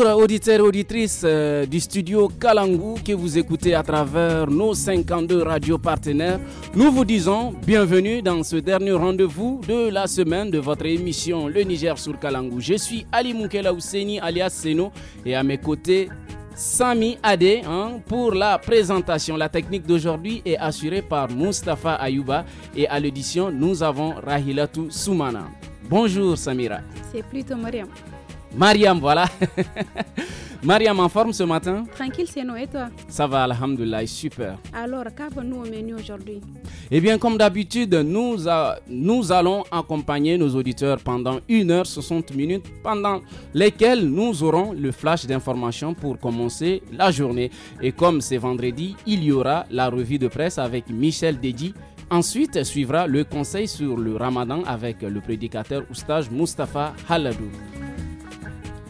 Bonjour auditeurs et auditrices euh, du studio Kalangou que vous écoutez à travers nos 52 radios partenaires. Nous vous disons bienvenue dans ce dernier rendez-vous de la semaine de votre émission Le Niger sur Kalangou. Je suis Ali Moukela Ouseni alias Seno et à mes côtés Sami Adé hein, pour la présentation. La technique d'aujourd'hui est assurée par Mustafa Ayouba et à l'édition nous avons Rahilatou Soumana. Bonjour Samira. C'est plutôt Mariam. Mariam, voilà. Mariam, en forme ce matin Tranquille, c'est nous et toi Ça va, Alhamdulillah, super. Alors, qu'avons-nous au menu aujourd'hui Eh bien, comme d'habitude, nous, nous allons accompagner nos auditeurs pendant 1h60 minutes, pendant lesquelles nous aurons le flash d'information pour commencer la journée. Et comme c'est vendredi, il y aura la revue de presse avec Michel Dedi. Ensuite suivra le conseil sur le ramadan avec le prédicateur Oustage Mustafa Haladou.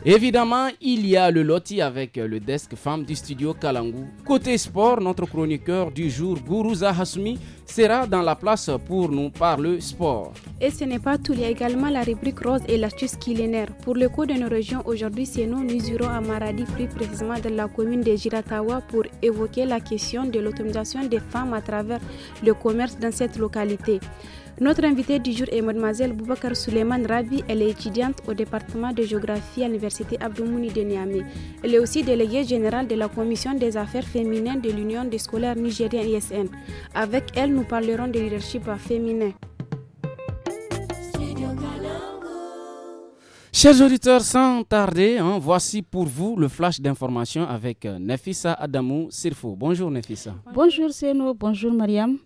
Évidemment, il y a le loti avec euh, le desk femme du studio Kalangu. Côté sport, notre chroniqueur du jour, Guruza Hassoumi, sera dans la place pour nous parler sport. Et ce n'est pas tout, il y a également la rubrique rose et l'astuce culinaire. Pour le coup de nos régions, aujourd'hui, c'est nous, nous irons à Maradi, plus précisément dans la commune de Giratawa, pour évoquer la question de l'automatisation des femmes à travers le commerce dans cette localité. Notre invitée du jour est mademoiselle Boubacar Souleymane Rabi. Elle est étudiante au département de géographie à l'université Abdoumouni de Niamey. Elle est aussi déléguée générale de la commission des affaires féminines de l'Union des scolaires nigériens ISN. Avec elle, nous parlerons de leadership féminin. Chers auditeurs, sans tarder, hein, voici pour vous le flash d'information avec euh, Nefissa Adamou Sirfo. Bonjour Nefissa. Bonjour Seno, bonjour Mariam.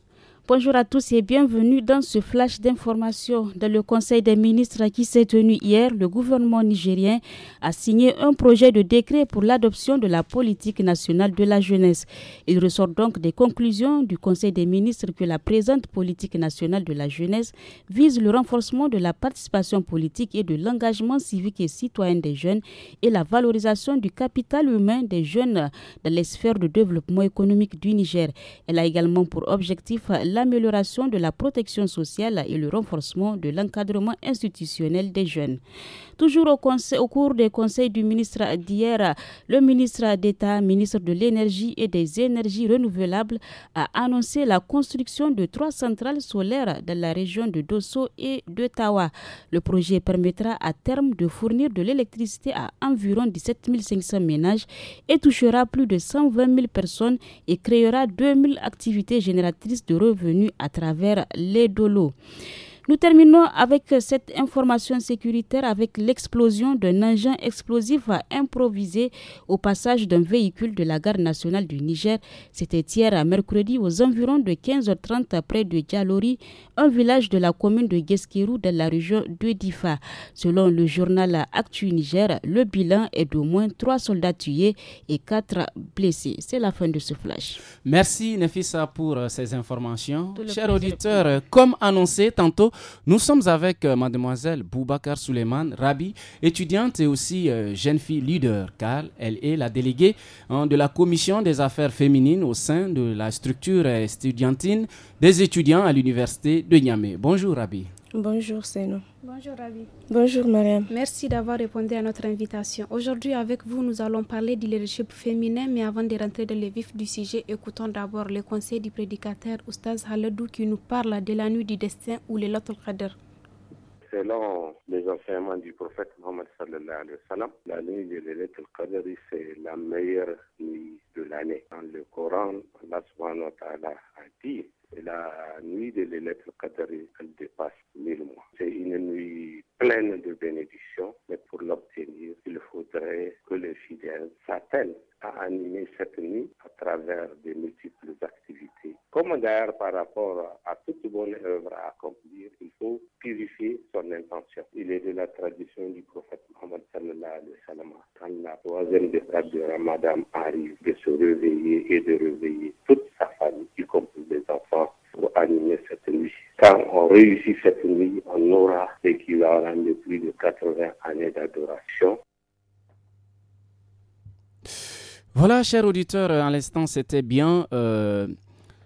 Bonjour à tous et bienvenue dans ce flash d'information. Dans le Conseil des ministres qui s'est tenu hier, le gouvernement nigérien a signé un projet de décret pour l'adoption de la politique nationale de la jeunesse. Il ressort donc des conclusions du Conseil des ministres que la présente politique nationale de la jeunesse vise le renforcement de la participation politique et de l'engagement civique et citoyen des jeunes et la valorisation du capital humain des jeunes dans les sphères de développement économique du Niger. Elle a également pour objectif l'amélioration de la protection sociale et le renforcement de l'encadrement institutionnel des jeunes. Toujours au, cours des conseils du ministre d'hier, le ministre d'État, ministre de l'Énergie et des Énergies renouvelables, a annoncé la construction de trois centrales solaires dans la région de Dosso et de Tawa. Le projet permettra à terme de fournir de l'électricité à environ 17 500 ménages et touchera plus de 120 000 personnes et créera 2000 activités génératrices de revenus à travers les dolos. Nous terminons avec cette information sécuritaire avec l'explosion d'un engin explosif à improviser au passage d'un véhicule de la garde nationale du Niger. C'était hier à mercredi aux environs de 15h30 près de Djalori, un village de la commune de Gueskirou dans la région de Difa. Selon le journal Actu Niger, le bilan est d'au moins 3 soldats tués et 4 blessés. C'est la fin de ce flash. Merci Nefissa pour euh, ces informations. Chers auditeurs, comme annoncé tantôt, nous sommes avec euh, mademoiselle Boubacar Souleyman Rabi, étudiante et aussi euh, jeune fille leader, car elle est la déléguée hein, de la commission des affaires féminines au sein de la structure euh, estudiantine des étudiants à l'université de Niamey. Bonjour Rabi. Bonjour nous. Bonjour Rabi. Bonjour Mariam. Merci d'avoir répondu à notre invitation. Aujourd'hui avec vous, nous allons parler du leadership féminin, mais avant de rentrer dans le vif du sujet, écoutons d'abord le conseil du prédicateur Oustaz Haledou qui nous parle de la nuit du destin ou le Lot al-Qadr. Selon les enseignements du prophète Mohammed sallallahu alayhi wa sallam, la nuit de l'Elet al-Qadr, c'est la meilleure nuit de l'année. Dans le Coran, Allah subhanahu wa ta'ala a dit la nuit de l'élève Kadari, elle dépasse mille mois. C'est une nuit pleine de bénédictions, mais pour l'obtenir, il faudrait que les fidèles s'attellent à animer cette nuit à travers de multiples activités. Comme d'ailleurs par rapport à toute bonne œuvre à accomplir, il faut purifier son intention. Il est de la tradition du prophète Mohammed sallallahu alayhi wa sallam, quand la troisième étape de Ramadan arrive, de se réveiller et de réveiller toute sa famille, y compris les enfants, pour animer cette nuit. Quand on réussit cette nuit, on aura l'équivalent de plus de 80 années d'adoration. Voilà, chers auditeurs, à l'instant, c'était bien euh,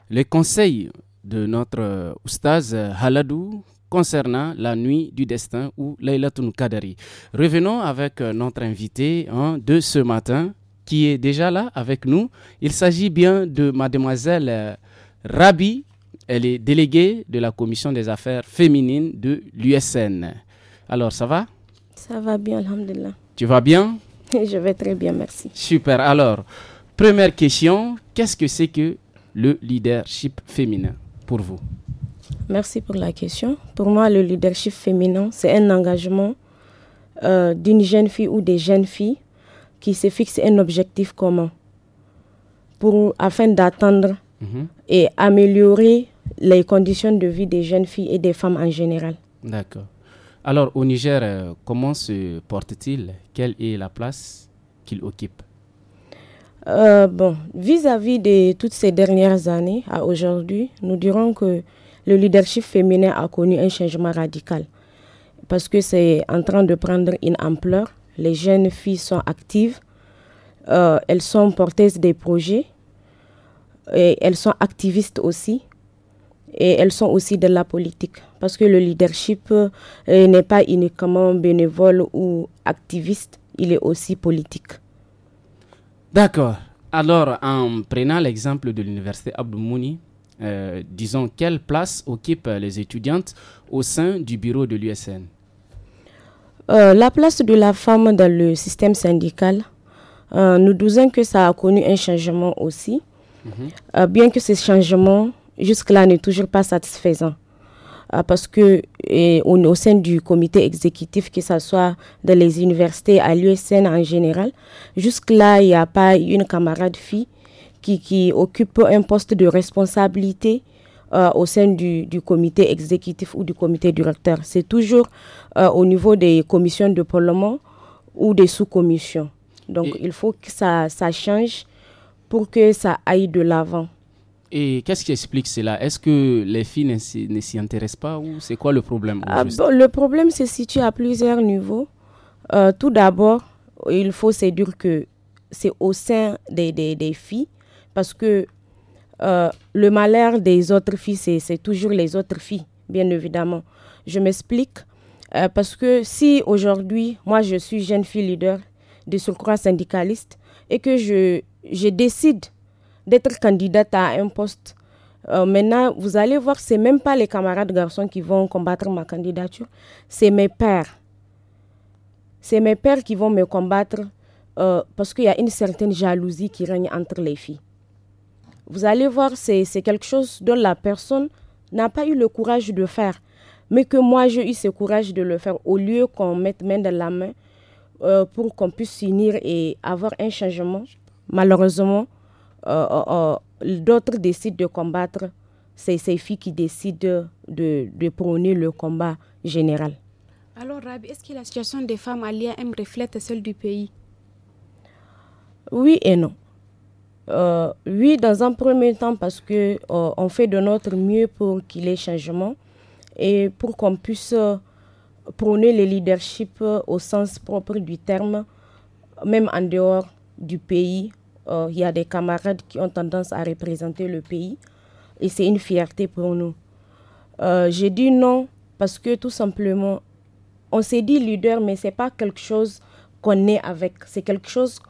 les conseils de notre euh, oustaz Haladou concernant la nuit du destin ou Laylatun Kadari. Revenons avec euh, notre invité hein, de ce matin qui est déjà là avec nous. Il s'agit bien de mademoiselle euh, Rabi elle est déléguée de la commission des affaires féminines de l'USN. Alors, ça va Ça va bien, alhamdulillah. Tu vas bien Je vais très bien, merci. Super. Alors, première question, qu'est-ce que c'est que le leadership féminin pour vous Merci pour la question. Pour moi, le leadership féminin, c'est un engagement euh, d'une jeune fille ou des jeunes filles qui se fixent un objectif commun pour, afin d'atteindre mhm. et améliorer les conditions de vie des jeunes filles et des femmes en général. D'accord. Alors au Niger, euh, comment se porte-t-il Quelle est la place qu'il occupe euh, bon, vis-à-vis de toutes ces dernières années à aujourd'hui, nous dirons que le leadership féminin a connu un changement radical parce que c'est en train de prendre une ampleur. Les jeunes filles sont actives, euh, elles sont porteuses des projets et elles sont activistes aussi et elles sont aussi de la politique. Parce que le leadership euh, n'est pas uniquement bénévole ou activiste, il est aussi politique. D'accord. Alors, en prenant l'exemple de l'université Mouni, Mouni euh, disons, quelle place occupent les étudiantes au sein du bureau de l'USN euh, La place de la femme dans le système syndical, nous disons que ça a connu un changement aussi, mhm. bien que ces changements jusque-là n'est toujours pas satisfaisant. Ah, parce que au sein du comité exécutif, que ce soit dans les universités, à l'USN en général, jusque-là, il n'y a pas une camarade fille qui, occupe un poste de responsabilité ah, au sein du, comité exécutif ou du comité directeur. C'est toujours ah, au niveau des commissions de parlement ou des sous-commissions. Donc, il faut que ça, ça change pour que ça aille de l'avant. Et qu'est-ce qui explique cela Est-ce que les filles ne s'y intéressent pas ou c'est quoi le problème ah, Le problème se situe à plusieurs niveaux. Euh, tout d'abord, il faut se que c'est au sein des, filles parce que euh, le malheur des autres filles, c'est toujours les autres filles, bien évidemment. Je m'explique euh, parce que si aujourd'hui, moi je suis jeune fille leader de surcroît syndicaliste et que je, je décide d'être candidate à un poste. Euh, maintenant, vous allez voir, c'est même pas les camarades garçons qui vont combattre ma candidature, c'est mes pères. C'est mes pères qui vont me combattre euh, parce qu'il y a une certaine jalousie qui règne entre les filles. Vous allez voir, c'est quelque chose dont la personne n'a pas eu le courage de faire, mais que moi j'ai eu ce courage de le faire au lieu qu'on mette main dans la main euh, pour qu'on puisse s'unir et avoir un changement. Malheureusement, euh, euh, euh, d'autres décident de combattre. C'est ces filles qui décident de, de prôner le combat général. Alors, Rabi, est-ce que la situation des femmes à l'IAM reflète celle du pays Oui et non. oui, dans un premier temps, parce que on fait de notre mieux pour qu'il y ait changement et pour qu'on puisse prôner le leadership au sens propre du terme, même en dehors du pays, euh, il y a des camarades qui ont tendance à représenter le pays et c'est une fierté pour nous. Euh, j'ai dit non parce que tout simplement, on s'est dit leader, mais ce n'est pas quelque chose qu'on est avec, c'est quelque chose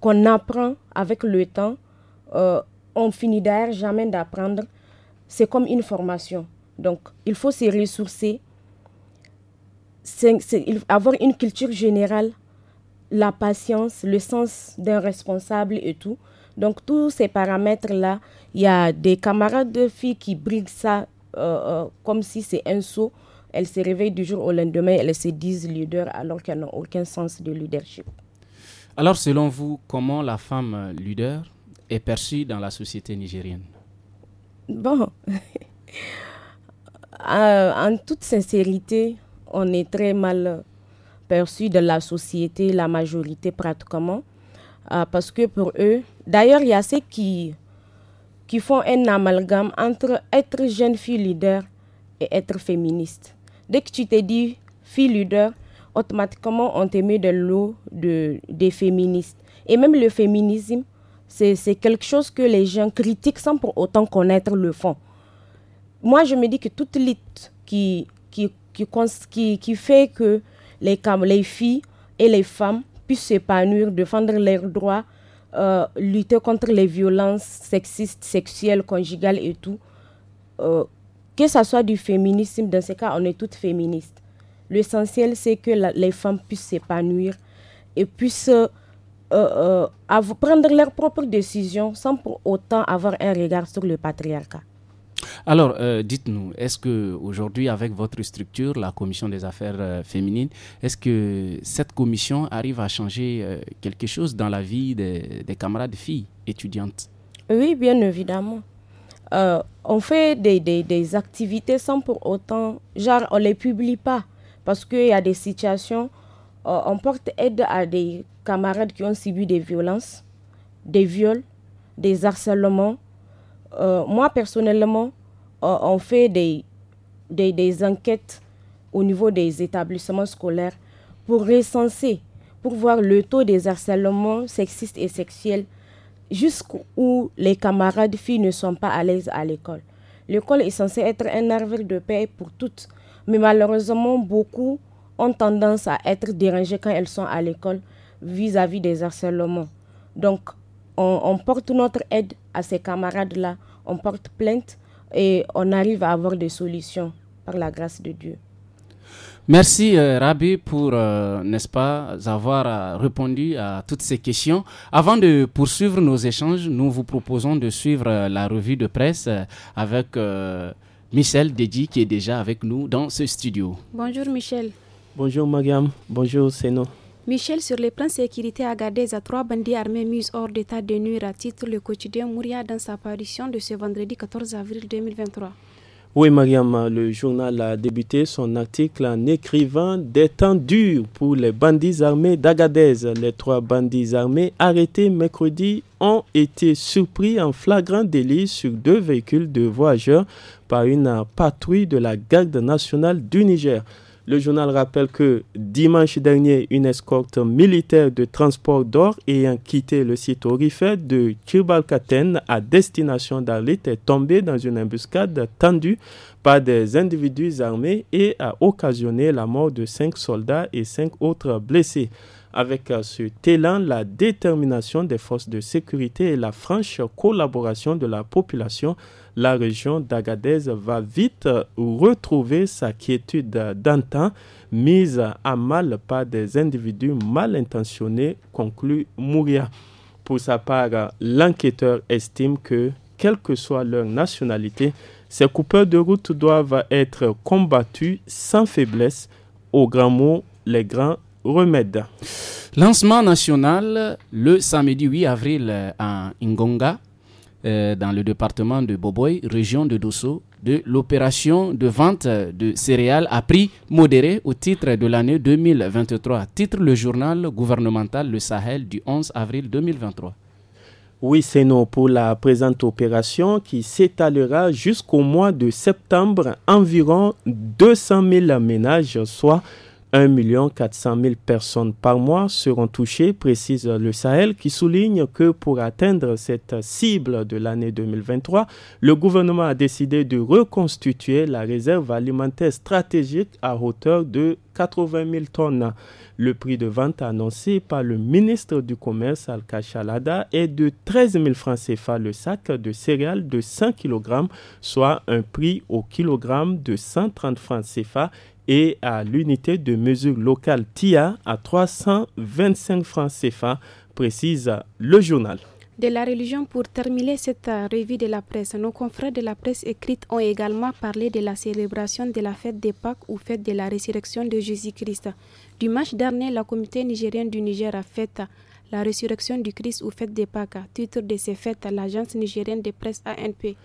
qu'on apprend avec le temps. Euh, on finit d'ailleurs jamais d'apprendre. C'est comme une formation. Donc, il faut se ressourcer, avoir une culture générale la patience, le sens d'un responsable et tout. Donc tous ces paramètres-là, il y a des camarades de filles qui briguent ça euh, euh, comme si c'est un saut. Elles se réveillent du jour au lendemain, elles se disent leader alors qu'elles n'ont aucun sens de leadership. Alors selon vous, comment la femme leader est perçue dans la société nigérienne Bon, euh, en toute sincérité, on est très mal perçu de la société, la majorité pratiquement. Euh, parce que pour eux, d'ailleurs, il y a ceux qui, qui font un amalgame entre être jeune fille leader et être féministe. Dès que tu t'es dit fille leader, automatiquement on te met de l'eau de, des féministes. Et même le féminisme, c'est quelque chose que les gens critiquent sans pour autant connaître le fond. Moi, je me dis que toute lutte qui, qui, qui, qui fait que les, les filles et les femmes puissent s'épanouir, défendre leurs droits, euh, lutter contre les violences sexistes, sexuelles, conjugales et tout. Euh, que ce soit du féminisme, dans ce cas, on est toutes féministes. L'essentiel, c'est que les femmes puissent s'épanouir et puissent euh, prendre leurs propres décisions sans pour autant avoir un regard sur le patriarcat. Alors, euh, dites-nous, est-ce que aujourd'hui, avec votre structure, la commission des affaires euh, féminines, est-ce que cette commission arrive à changer euh, quelque chose dans la vie des, camarades filles étudiantes Oui, bien évidemment. on fait des, des, activités sans pour autant, genre, on les publie pas parce qu'il y a des situations, on porte aide à des camarades qui ont subi des violences, des viols, des harcèlements euh, moi personnellement, euh, on fait des, des, enquêtes au niveau des établissements scolaires pour recenser, pour voir le taux des harcèlements sexistes et sexuels jusqu'où les camarades filles ne sont pas à l'aise à l'école. L'école est censée être un arbre de paix pour toutes, mais malheureusement, beaucoup ont tendance à être dérangées quand elles sont à l'école vis-à-vis des harcèlements. Donc, on porte notre aide à ces camarades-là, on porte plainte et on arrive à avoir des solutions par la grâce de Dieu. Merci euh, Rabbi, pour, euh, n'est-ce pas, avoir euh, répondu à toutes ces questions. Avant de poursuivre nos échanges, nous vous proposons de suivre la revue de presse avec Michel Dedi qui est déjà avec nous dans ce studio. Bonjour Michel. Bonjour Magam, Bonjour Seno. Michel sur les plans sécurité à à trois bandits armés mis hors d'état de nuire à titre le quotidien Mouria dans sa parution de ce vendredi 14 avril 2023. Oui, Mariam, le journal a débuté son article en écrivant des temps durs pour les bandits armés d'Agadez. Les trois bandits armés arrêtés mercredi ont été surpris en flagrant délit sur deux véhicules de voyageurs par une patrouille de la garde nationale du Niger. Le journal rappelle que dimanche dernier, une escorte militaire de transport d'or ayant quitté le site orifère de Chibalkaten à destination d'Arlit est tombée dans une embuscade tendue par des individus armés et a occasionné la mort de cinq soldats et cinq autres blessés. Avec euh, ce élan, la détermination des forces de sécurité et la franche collaboration de la population la région d'Agadez va vite retrouver sa quiétude d'antan, mise à mal par des individus mal intentionnés, conclut Mouria. Pour sa part, l'enquêteur estime que, quelle que soit leur nationalité, ces coupeurs de route doivent être combattus sans faiblesse, au grand mot, les grands remèdes. Lancement national le samedi 8 avril à Ngonga, euh, dans le département de Boboy, région de Dosso, de l'opération de vente de céréales à prix modéré au titre de l'année 2023. Titre le journal gouvernemental Le Sahel du 11 avril 2023. Oui, c'est nous pour la présente opération qui s'étalera jusqu'au mois de septembre. Environ 200 000 ménages, soit 1,4 million 000 personnes par mois seront touchées, précise le Sahel, qui souligne que pour atteindre cette cible de l'année 2023, le gouvernement a décidé de reconstituer la réserve alimentaire stratégique à hauteur de 80 000 tonnes. Le prix de vente annoncé par le ministre du Commerce Al-Kachalada est de 13 000 francs CFA le sac de céréales de 100 kg, soit un prix au kilogramme de 130 francs CFA et à l'unité de mesure locale TIA à 325 francs CFA, précise le journal de la religion pour terminer cette euh, revue de la presse. Nos confrères de la presse écrite ont également parlé de la célébration de la fête des Pâques ou fête de la résurrection de Jésus-Christ. match dernier, la communauté nigérienne du Niger a fait la résurrection du Christ ou fête des Pâques. Titre de ces fêtes, l'agence nigérienne de presse ANP.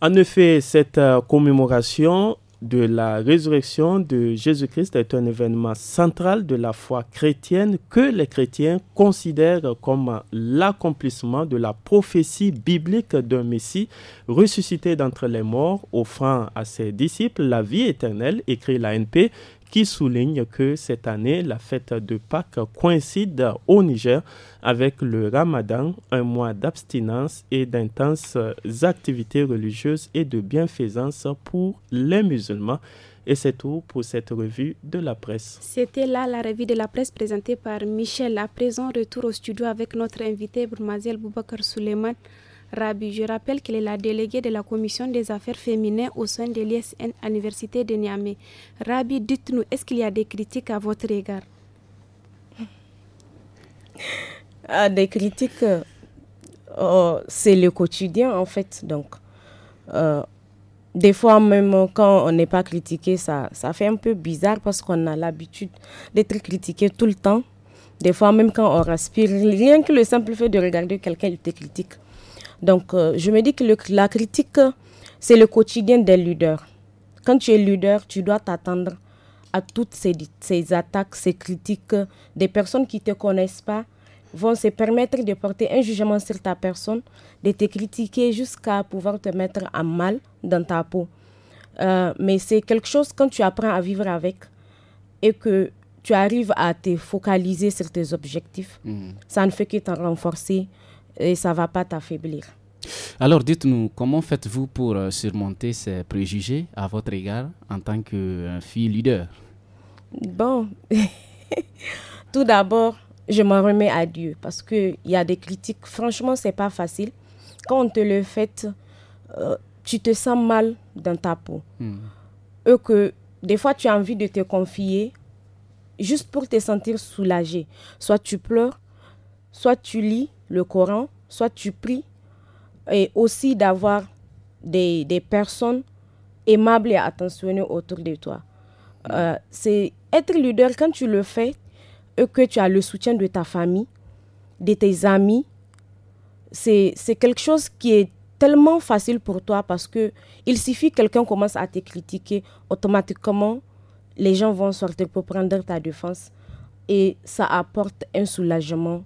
En effet, cette euh, commémoration de la résurrection de Jésus-Christ est un événement central de la foi chrétienne que les chrétiens considèrent comme l'accomplissement de la prophétie biblique d'un Messie ressuscité d'entre les morts, offrant à ses disciples la vie éternelle, écrit l'ANP, qui souligne que cette année, la fête de Pâques coïncide au Niger avec le Ramadan, un mois d'abstinence et d'intenses activités religieuses et de bienfaisance pour les musulmans. Et c'est tout pour cette revue de la presse. C'était là la revue de la presse présentée par Michel. À présent, retour au studio avec notre invité Brumaziel Boubacar Souleyman. Rabi. Je rappelle qu'elle est la déléguée de la Commission des affaires féminines au sein de l'ISN Université de Niamey. Rabi, dites-nous, est-ce qu'il y a des critiques à votre égard ah, Des critiques, euh, oh, c'est le quotidien en fait. Donc, euh, des fois même quand on n'est pas critiqué, ça, ça fait un peu bizarre parce qu'on a l'habitude d'être critiqué tout le temps. Des fois même quand on respire, rien que le simple fait de regarder quelqu'un, il te critique. Donc, euh, je me dis que la critique, c'est le quotidien des ludeurs. Quand tu es ludeur, tu dois t'attendre à toutes ces, attaques, ces critiques. Des personnes qui ne te connaissent pas vont se permettre de porter un jugement sur ta personne, de te critiquer jusqu'à pouvoir te mettre à mal dans ta peau. Euh, mais c'est quelque chose quand tu apprends à vivre avec et que tu arrives à te focaliser sur tes objectifs, hmm. ça ne fait que t'en renforcer et ça ne va pas t'affaiblir. Alors dites-nous, comment faites-vous pour euh, surmonter ces préjugés à votre égard en tant que euh, fille leader Bon, tout d'abord, je m'en remets à Dieu parce qu'il y a des critiques. Franchement, ce n'est pas facile. Quand on te le fait, euh, tu te sens mal dans ta peau. Hmm. Eux que des fois, tu as envie de te confier juste pour te sentir soulagé. Soit tu pleures, soit tu lis, le Coran, soit tu pries, et aussi d'avoir des, personnes aimables et attentionnées autour de toi. Euh, c'est être leader quand tu le fais et que tu as le soutien de ta famille, de tes amis. C'est quelque chose qui est tellement facile pour toi parce que il suffit que quelqu'un commence à te critiquer, automatiquement, les gens vont sortir pour prendre ta défense et ça apporte un soulagement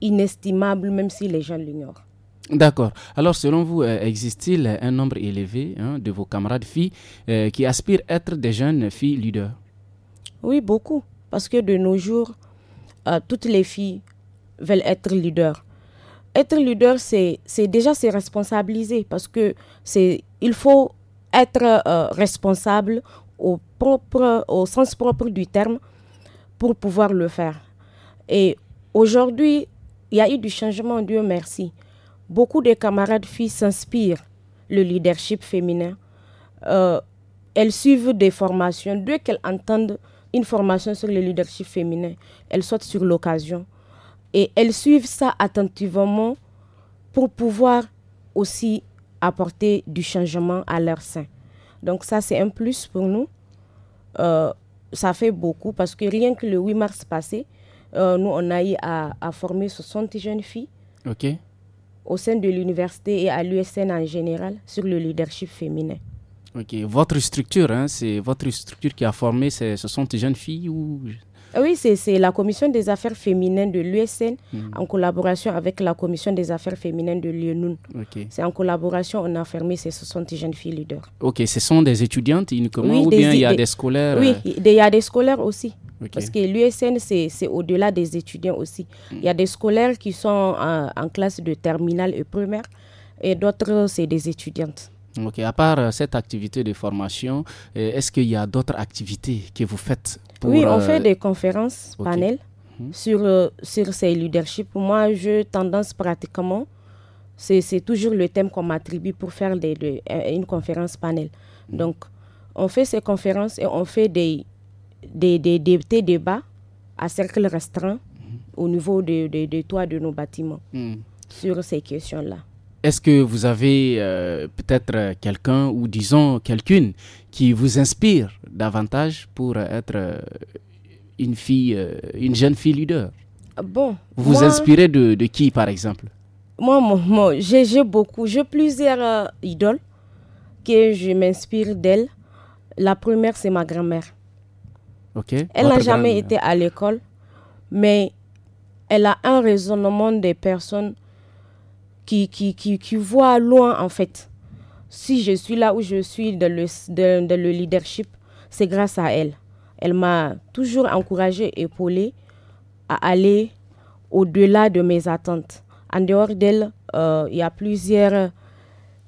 inestimable, même si les gens l'ignorent. D'accord. Alors, selon vous, euh, existe-t-il un nombre élevé hein, de vos camarades filles euh, qui aspirent à être des jeunes filles leaders Oui, beaucoup. Parce que de nos jours, euh, toutes les filles veulent être leaders. Être leader, c'est déjà se responsabiliser parce que c'est il faut être responsable au, propre, au sens propre du terme pour pouvoir le faire. Et aujourd'hui, il y a eu du changement, Dieu merci. Beaucoup de camarades filles s'inspirent le leadership féminin. Euh, elles suivent des formations. Dès qu'elles entendent une formation sur le leadership féminin, elles sautent sur l'occasion. Et elles suivent ça attentivement pour pouvoir aussi apporter du changement à leur sein. Donc ça, c'est un plus pour nous. Euh, ça fait beaucoup parce que rien que le 8 mars passé, euh, nous, on a eu à, former 60 jeunes filles au sein de l'université et à l'USN en général sur le leadership féminin. Ok, votre structure, hein, c'est votre structure qui a formé ces 60 jeunes filles ou... Ah oui, c'est la commission des affaires féminines de l'USN hmm. en collaboration avec la commission des affaires féminines de l'UNUN. C'est en collaboration, on a formé ces 60 jeunes filles leaders. Ok, ce sont des étudiantes uniquement ou bien il y a des, scolaires Oui, euh? il y a des scolaires aussi. Parce que l'USN, c'est au-delà des étudiants aussi. Il y a des scolaires qui sont en, classe de terminale et primaire, et d'autres, c'est des étudiantes. Ok, à part euh, cette activité de formation, euh, est-ce qu'il y a d'autres activités que vous faites pour, Oui, on euh, fait des conférences, panel panels mhm. sur, sur ces leaderships. Moi, je tendance pratiquement, c'est toujours le thème qu'on m'attribue pour faire des, une conférence panel. Mhm. Donc, on fait ces conférences et on fait des, des, des, des, débats à cercle restreint mhm. au niveau des toits de nos bâtiments hmm. sur ces questions-là. Est-ce que vous avez euh, peut-être quelqu'un ou disons quelqu'une qui vous inspire davantage pour être euh, une fille, euh, une jeune fille leader Bon. Vous inspirez de, qui par exemple Moi, moi, moi j'ai beaucoup, j'ai plusieurs idoles que je m'inspire d'elles. La première, c'est ma grand-mère. Elle n'a jamais été à l'école, mais elle a un raisonnement des personnes qui, qui, qui, qui voient loin, en fait. Si je suis là où je suis dans le, leadership, c'est grâce à elle. Elle m'a toujours encouragée, épaulée à aller au-delà de mes attentes. En dehors d'elle, euh, il y a plusieurs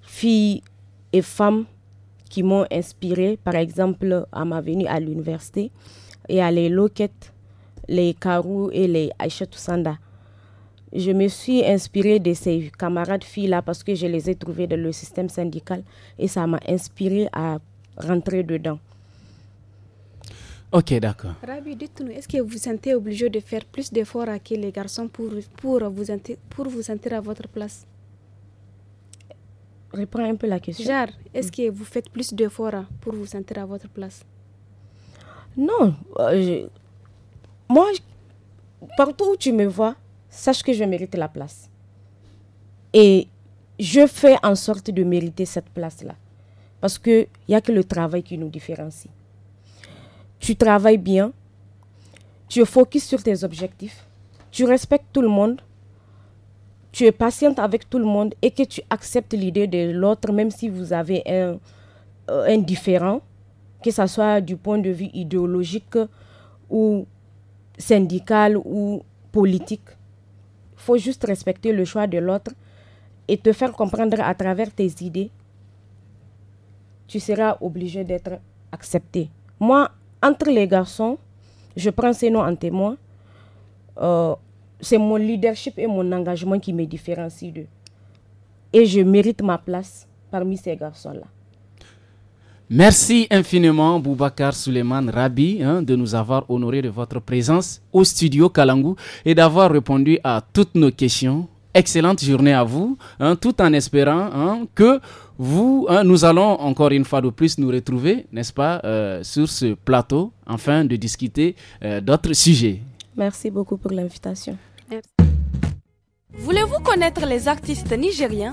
filles et femmes qui m'ont inspirée, par exemple à ma venue à l'université. Il y a les Loquettes, les Karou et les Aïcha Je me suis inspirée de ces camarades filles-là parce que je les ai trouvées dans le système syndical et ça m'a inspirée à rentrer dedans. Ok, d'accord. Rabi, dites-nous, est-ce que vous vous sentez obligé de faire plus d'efforts que les garçons pour, pour, vous, pour vous sentir à votre place Reprends un peu la question. Genre, est-ce que vous faites plus d'efforts pour vous sentir à votre place non. Euh, moi, partout où tu me vois, sache que je mérite la place. Et je fais en sorte de mériter cette place-là. Parce qu'il n'y a que le travail qui nous différencie. Tu travailles bien, tu es focus sur tes objectifs, tu respectes tout le monde, tu es patiente avec tout le monde et que tu acceptes l'idée de l'autre, même si vous avez un, euh, un différent, que ce soit du point de vue idéologique ou syndical ou politique. Il faut juste respecter le choix de l'autre et te faire comprendre à travers tes idées. Tu seras obligé d'être accepté. Moi, entre les garçons, je prends ces noms en témoin. Euh, c'est mon leadership et mon engagement qui me différencient d'eux. Et je mérite ma place parmi ces garçons-là. Merci infiniment, Boubacar Suleiman Rabi, hein, de nous avoir honoré de votre présence au studio Kalangou et d'avoir répondu à toutes nos questions. Excellente journée à vous, hein, tout en espérant hein, que vous, nous allons encore une fois de plus nous retrouver, n'est-ce pas, euh, sur ce plateau, afin de discuter euh, d'autres sujets. Merci beaucoup pour l'invitation. Voulez-vous connaître les artistes nigériens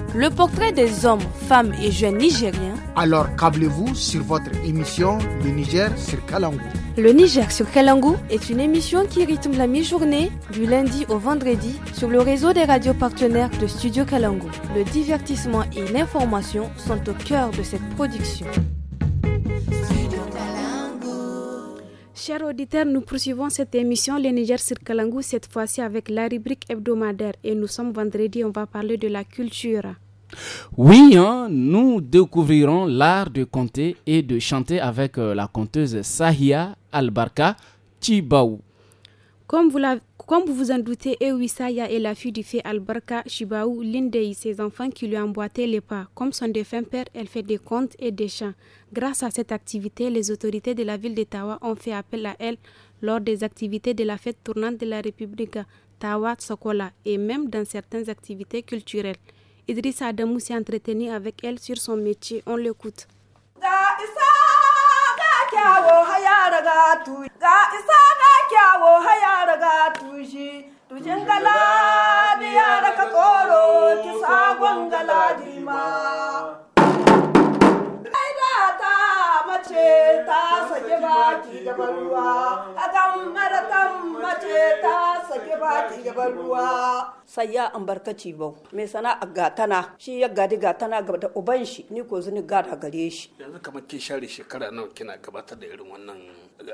le portrait des hommes, femmes et jeunes nigériens. Alors câblez-vous sur votre émission Le Niger sur Kalangou. Le Niger sur Kalangou est une émission qui rythme la mi-journée du lundi au vendredi sur le réseau des radios partenaires de Studio Kalangou. Le divertissement et l'information sont au cœur de cette production. Chers auditeurs, nous poursuivons cette émission Le Niger sur Kalangou, cette fois-ci avec la rubrique hebdomadaire. Et nous sommes vendredi, on va parler de la culture. Oui, hein, nous découvrirons l'art de compter et de chanter avec euh, la conteuse Sahia Albarka Chibaou. Comme vous, comme vous en doutez, Ewi eh Sahia est la fille du fée Albarka Chibaou, l'une de ses enfants qui lui a les pas. Comme son défunt père, elle fait des contes et des chants. Grâce à cette activité, les autorités de la ville de Tawa ont fait appel à elle lors des activités de la fête tournante de la République Tawa Sokola et même dans certaines activités culturelles. Idriss Adamou s'est entretenu avec elle sur son métier. On l'écoute. mace ta saki baki da ruwa mara maratan mace ta saki baki da ruwa sai ya ambarkaci bau mai sana'a gatana shi ya gadi gatana gaba da uban shi ni ko zuni gada gare shi yanzu kamar kin share shekara nawa kina gabatar da irin wannan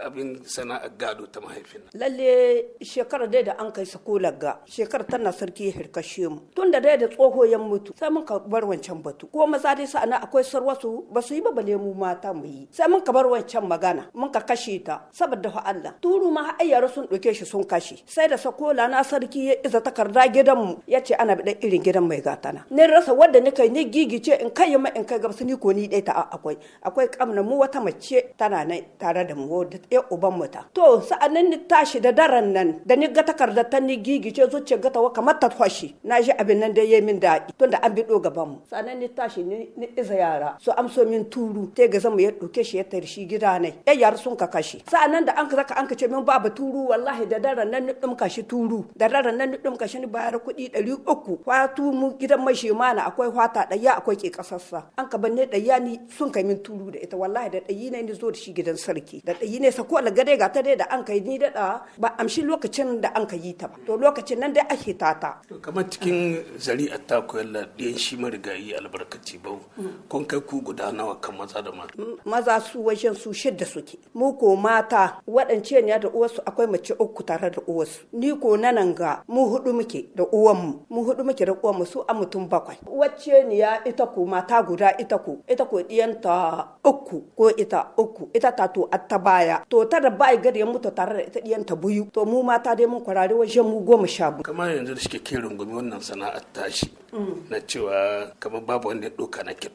abin sana'a gado ta mahaifin lalle shekara dai da an kai sakolar ga shekara tana sarki ya hirkashe mu tun da dai da tsoho ya mutu sai mun ka bar wancan batu ko maza dai sa'ana akwai sarwasu ba su yi ba bale mu mata mu yi sai mun ka bar wancan magana mun ka kashe ta saboda fa Allah turu ma ayyar sun doke shi sun kashe sai da sakola na sarki ya iza takarda gidan mu yace ana dan irin gidan mai gatana ne rasa wanda ni kai ni gigice in kai ma in kai gabsu ni ko ni dai ta akwai akwai kamna mu wata mace tana nan tare da mu da ya uban mu ta to sa'annan ni tashi da daren nan da ni ga takarda ta ni gigice zuciya ga ta waka mata fashi na ji abin nan da yayi min daɗi tunda an bi do gaban mu sa'annan ni tashi ni iza yara so amso min turu te ga zamu ya ɗauki ke shi ya tarshi gida ne ya yar sun ka kashe sa'annan da an ka zaka an ka ce min babu turu wallahi da daren nan nudum kashi turu da daren nan nudum kashi ni bayar kudi 300 uku fatu mu gidan mai shemana akwai fata daya akwai ke kasassa an ka banne daya ni sun kai min turu da ita wallahi da dayi ne ni zo da shi gidan sarki da dayi ne sako algade ga ta dai da an kai ni da ba amshi lokacin da an ka yi ta ba to lokacin nan dai ake tata kamar cikin zari'ar ta koyar da ɗiyan shi marigayi albarkaci ba mm. kun kai ku guda nawa kan maza da mata maza su wajen su shidda suke mu ko mata waɗance ne da uwarsu akwai mace uku tare da uwarsu ni ko nan ga mu hudu muke da uwanmu mu hudu muke da uwanmu su a mutum bakwai wacce ne ya ita ko mata guda ita ko ita ko diyanta uku ko ita uku ita ta to atta baya to ta da bai gari yan mutu tare da ita diyanta buyu to mu mata dai mun kwarare wajen mu goma sha biyu kamar yanzu da shike kin rungumi wannan sana'ar tashi mm. na cewa kamar babu wanda ya doka na ke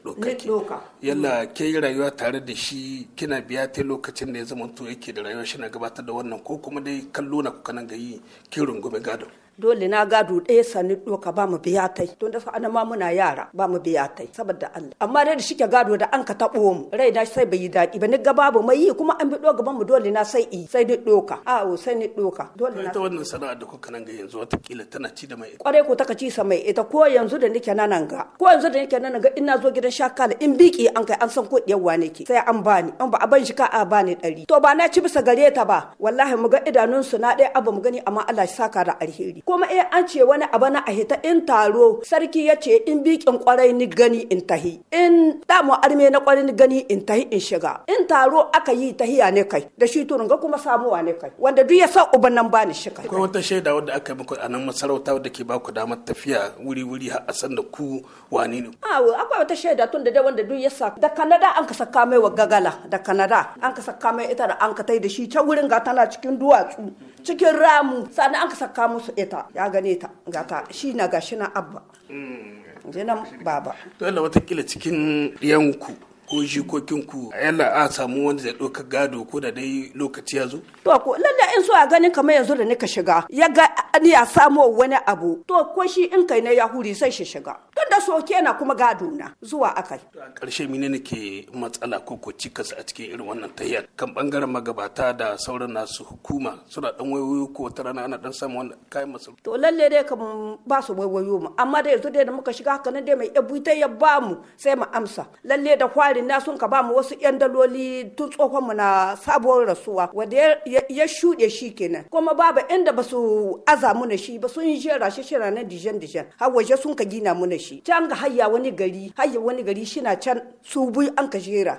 doka yalla ke rayuwa tare da shi shi kina biya ta lokacin da ya zama to yake da rayuwa shi na gabatar da wannan ko kuma dai kallo na kuka nan gayi kin rungume gado dole na gado ɗaya sani doka ba mu biya tai don da ana ma muna yara ba mu biya tai saboda Allah amma dai da shike gado da an ka taɓo mu rai na sai bai yi daɗi ba ni ga babu mai yi kuma an bi doka gaban mu dole na sai i sai ni doka a o sai ni doka dole na ita wannan sana'a da kuka nan ga yanzu wata kila tana ci da mai kwarai ko taka ci sa mai ita ko yanzu da nake nan ga ko yanzu da nake nan ga ina zo gidan shakala in biki an kai an san ko diyawa nake sai an bani an ba a ban shi ka a bani ɗari to ba na ci bisa gare ta ba wallahi mu ga idanunsu na ɗaya abu mu gani amma Allah shi saka da alheri kuma eh an ce wani abu na a hita in taro sarki ya ce in bikin kwarai ni gani in tahi in mu arme na kwarai ni gani in tahi in shiga in taro aka yi tahiya ne kai da shi turun ga kuma samuwa ne kai wanda duk ya sa uban nan bani shi kai akwai wata shaida wanda aka yi muku a nan masarauta wadda ke baku damar tafiya wuri wuri har a san da ku wani. ne a ah, akwai wata shaida tun da dai wanda duk ya sa da kanada an ka saka mai wa gagala da kanada an ka saka mai ita da an ka tai da shi ta wurin ga tana cikin duwatsu cikin ramu sannan an ka saka musu ita ta ya gane ta ga ta shi na gashi na abba jinan mm. baba to yalla watakila cikin yanku ko jikokinku yalla a samu wanda zai ɗauka gado ko da dai lokaci ya zo? To ko lalle in so a gani kamar yanzu da nika shiga ya ga ni ya samo wani abu to ko shi in kai na ya huri sai shi shiga. don da soke na kuma gado na zuwa akai. Karshe mine ne ke matsala ko ko cikas a cikin irin wannan tahiyar kan bangaren magabata da sauran nasu hukuma suna dan wayoyo ko wata rana ana dan samun wani kayan masu. To lalle dai kan ba su wayoyo mu amma da yanzu dai da muka shiga haka nan dai mai yabu ta ya ba mu sai mu amsa lalle da kwari na sun ka ba mu wasu yan daloli tun tsohon mu na sabuwar rasuwa wanda ya shuɗe shi kenan kuma babu inda ba su aza mu na shi ba sun jera shi shi na dijan dijan har waje sun ka gina mu na shi can ga hayya wani gari hayya wani gari shina can su bui an ka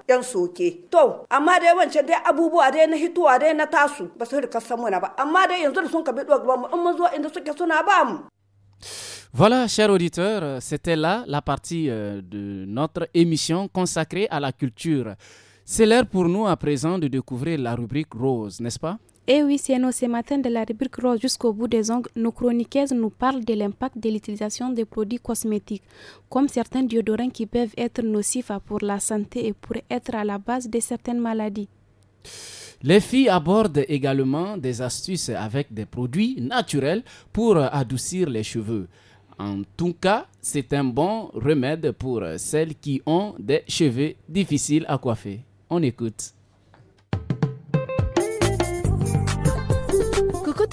yan soke to amma dai wancan dai abubuwa dai na hituwa dai na tasu ba su rika san na ba amma dai yanzu da sun ka bi gaban mu in mun inda suke suna ba mu Voilà, cher auditeurs, c'était là la partie euh, de notre émission consacrée à la culture. C'est l'heure pour nous à présent de découvrir la rubrique rose, n'est-ce pas et eh oui, c'est nos ce matin de la rubrique rose jusqu'au bout des ongles, nos chroniqueuses nous parlent de l'impact de l'utilisation des produits cosmétiques, comme certains diodorants qui peuvent être nocifs pour la santé et pour être à la base de certaines maladies. Les filles abordent également des astuces avec des produits naturels pour adoucir les cheveux. En tout cas, c'est un bon remède pour celles qui ont des cheveux difficiles à coiffer. On écoute.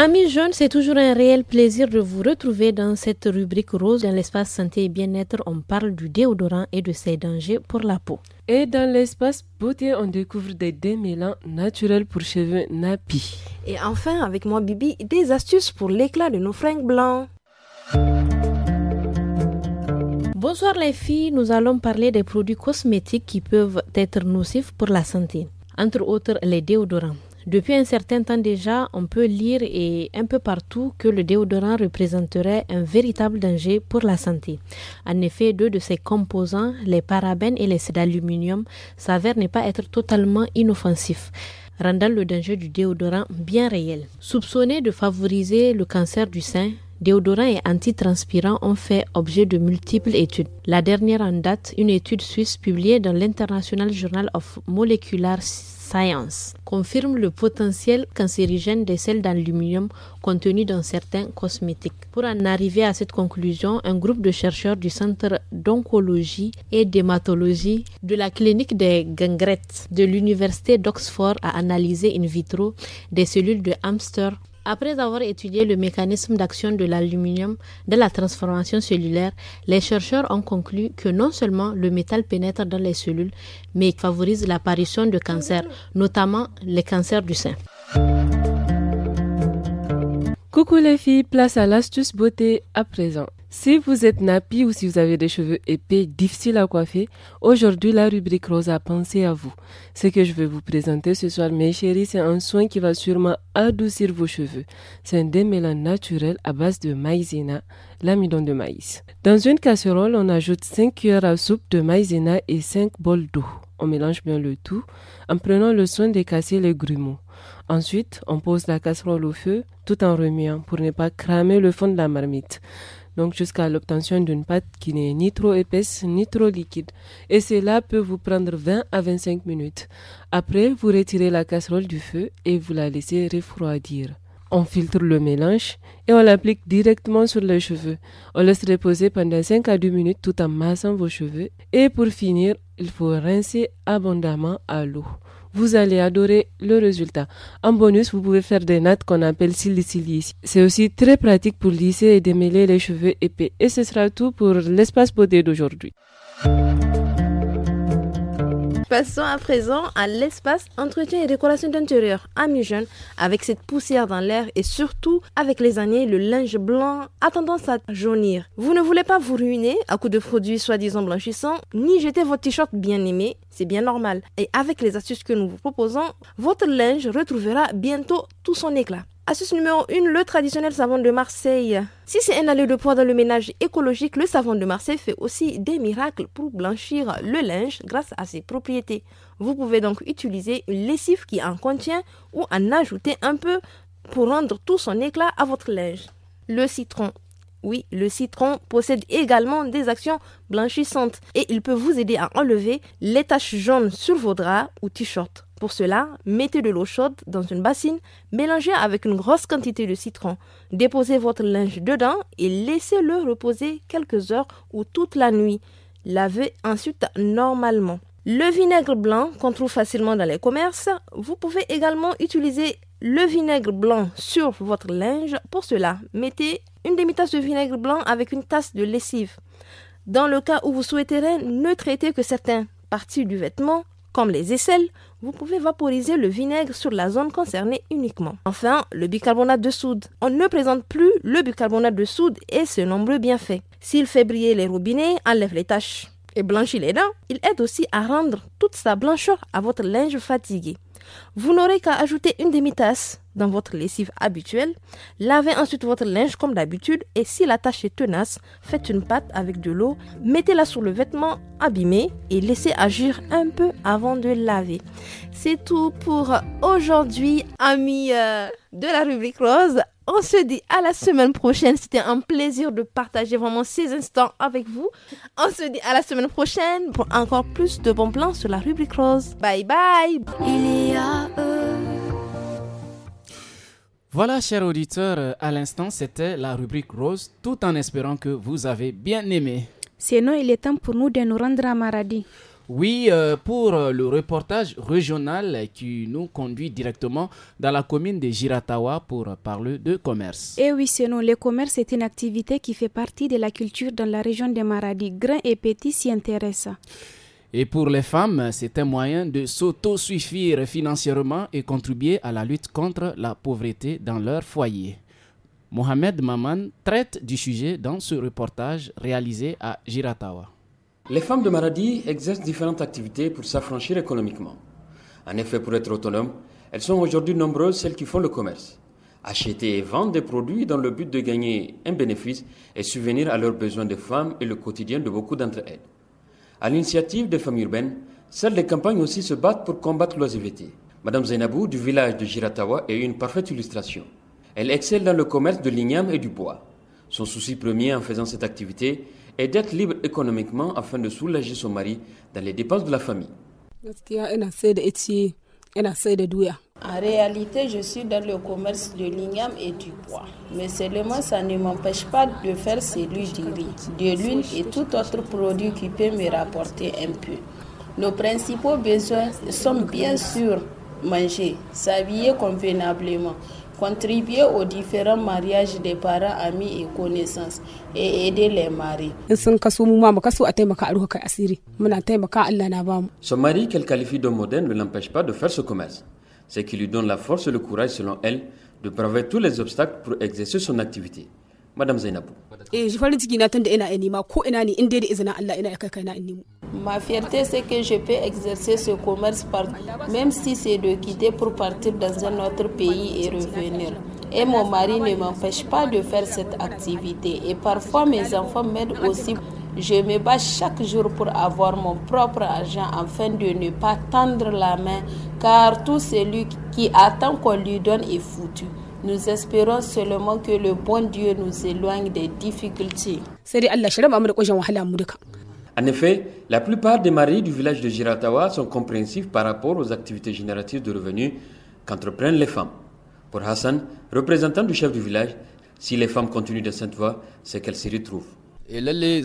Amis jeunes, c'est toujours un réel plaisir de vous retrouver dans cette rubrique rose. Dans l'espace santé et bien-être, on parle du déodorant et de ses dangers pour la peau. Et dans l'espace beauté, on découvre des démêlants naturels pour cheveux nappis. Et enfin, avec moi Bibi, des astuces pour l'éclat de nos fringues blancs. Bonsoir les filles, nous allons parler des produits cosmétiques qui peuvent être nocifs pour la santé, entre autres les déodorants. Depuis un certain temps déjà, on peut lire et un peu partout que le déodorant représenterait un véritable danger pour la santé. En effet, deux de ses composants, les parabènes et les d'aluminium, s'avèrent ne pas être totalement inoffensifs rendant le danger du déodorant bien réel. Soupçonné de favoriser le cancer du sein, déodorants et antitranspirants ont fait objet de multiples études. La dernière en date, une étude suisse publiée dans l'International Journal of Molecular Science, confirme le potentiel cancérigène des sels d'aluminium contenus dans certains cosmétiques. Pour en arriver à cette conclusion, un groupe de chercheurs du Centre d'oncologie et d'hématologie de la clinique des Gangrette de l'Université d'Oxford a analysé in vitro des cellules de hamster après avoir étudié le mécanisme d'action de l'aluminium dans la transformation cellulaire, les chercheurs ont conclu que non seulement le métal pénètre dans les cellules, mais favorise l'apparition de cancers, notamment les cancers du sein. Coucou les filles, place à l'astuce beauté à présent. Si vous êtes nappy ou si vous avez des cheveux épais, difficiles à coiffer, aujourd'hui la rubrique rose a pensé à vous. Ce que je vais vous présenter ce soir, mes chéris, c'est un soin qui va sûrement adoucir vos cheveux. C'est un démêlant naturel à base de maïzena, l'amidon de maïs. Dans une casserole, on ajoute 5 cuillères à soupe de maïzena et 5 bols d'eau on mélange bien le tout en prenant le soin de casser les grumeaux. Ensuite, on pose la casserole au feu tout en remuant pour ne pas cramer le fond de la marmite. Donc jusqu'à l'obtention d'une pâte qui n'est ni trop épaisse ni trop liquide. Et cela peut vous prendre 20 à 25 minutes. Après, vous retirez la casserole du feu et vous la laissez refroidir. On filtre le mélange et on l'applique directement sur les cheveux. On laisse reposer pendant 5 à deux minutes tout en massant vos cheveux. Et pour finir, il faut rincer abondamment à l'eau. Vous allez adorer le résultat. En bonus, vous pouvez faire des nattes qu'on appelle silly C'est aussi très pratique pour lisser et démêler les cheveux épais. Et ce sera tout pour l'espace beauté d'aujourd'hui. Passons à présent à l'espace entretien et décoration d'intérieur. Amis jeunes, avec cette poussière dans l'air et surtout avec les années, le linge blanc a tendance à jaunir. Vous ne voulez pas vous ruiner à coups de produits soi-disant blanchissants, ni jeter votre t-shirt bien aimé, c'est bien normal. Et avec les astuces que nous vous proposons, votre linge retrouvera bientôt tout son éclat. Astuce numéro 1, le traditionnel savon de Marseille. Si c'est un allié de poids dans le ménage écologique, le savon de Marseille fait aussi des miracles pour blanchir le linge grâce à ses propriétés. Vous pouvez donc utiliser une lessive qui en contient ou en ajouter un peu pour rendre tout son éclat à votre linge. Le citron. Oui, le citron possède également des actions blanchissantes et il peut vous aider à enlever les taches jaunes sur vos draps ou t-shirts. Pour cela, mettez de l'eau chaude dans une bassine, mélangez avec une grosse quantité de citron, déposez votre linge dedans et laissez-le reposer quelques heures ou toute la nuit. Lavez ensuite normalement. Le vinaigre blanc qu'on trouve facilement dans les commerces, vous pouvez également utiliser le vinaigre blanc sur votre linge. Pour cela, mettez une demi-tasse de vinaigre blanc avec une tasse de lessive. Dans le cas où vous souhaiterez ne traiter que certaines parties du vêtement, comme les aisselles, vous pouvez vaporiser le vinaigre sur la zone concernée uniquement. Enfin, le bicarbonate de soude. On ne présente plus le bicarbonate de soude et ses nombreux bienfaits. S'il fait briller les robinets, enlève les taches et blanchit les dents, il aide aussi à rendre toute sa blancheur à votre linge fatigué. Vous n'aurez qu'à ajouter une demi-tasse dans votre lessive habituelle. Lavez ensuite votre linge comme d'habitude et si la tâche est tenace, faites une pâte avec de l'eau, mettez-la sur le vêtement abîmé et laissez agir un peu avant de laver. C'est tout pour aujourd'hui, amis euh, de la rubrique rose on se dit à la semaine prochaine. C'était un plaisir de partager vraiment ces instants avec vous. On se dit à la semaine prochaine pour encore plus de bons plans sur la rubrique rose. Bye bye. voilà, chers auditeurs, à l'instant, c'était la rubrique rose, tout en espérant que vous avez bien aimé. Sinon, il est temps pour nous de nous rendre à Maradi. Oui, euh, pour euh, le reportage régional qui nous conduit directement dans la commune de Giratawa pour parler de commerce. Et eh oui, c'est nous. Le commerce est une activité qui fait partie de la culture dans la région des Maradi. Grains et petits s'y intéressent. Et pour les femmes, c'est un moyen de sauto financièrement et contribuer à la lutte contre la pauvreté dans leur foyer. Mohamed Maman traite du sujet dans ce reportage réalisé à Giratawa. Les femmes de Maradi exercent différentes activités pour s'affranchir économiquement. En effet, pour être autonomes, elles sont aujourd'hui nombreuses celles qui font le commerce. Acheter et vendre des produits dans le but de gagner un bénéfice et subvenir à leurs besoins de femmes et le quotidien de beaucoup d'entre elles. À l'initiative des femmes urbaines, celles des campagnes aussi se battent pour combattre l'oisiveté. Madame Zainabou du village de Giratawa est une parfaite illustration. Elle excelle dans le commerce de l'igname et du bois. Son souci premier en faisant cette activité et d'être libre économiquement afin de soulager son mari dans les dépenses de la famille. En réalité, je suis dans le commerce de l'igname et du bois. Mais seulement, ça ne m'empêche pas de faire celui du riz, de l'huile et tout autre produit qui peut me rapporter un peu. Nos principaux besoins sont bien sûr manger, s'habiller convenablement, contribuer aux différents mariages des parents, amis et connaissances et aider les maris. Son mari, qu'elle qualifie de moderne, ne l'empêche pas de faire ce commerce. C'est qui lui donne la force et le courage, selon elle, de braver tous les obstacles pour exercer son activité. Madame Zainabou ma fierté c'est que je peux exercer ce commerce par même si c'est de quitter pour partir dans un autre pays et revenir et mon mari ne m'empêche pas de faire cette activité et parfois mes enfants m'aident aussi je me bats chaque jour pour avoir mon propre argent afin de ne pas tendre la main car tout celui qui attend qu'on lui donne est foutu. Nous espérons seulement que le bon Dieu nous éloigne des difficultés. En effet, la plupart des maris du village de Giratawa sont compréhensifs par rapport aux activités génératives de revenus qu'entreprennent les femmes. Pour Hassan, représentant du chef du village, si les femmes continuent de cette voie, c'est qu'elles s'y retrouvent. Et eh,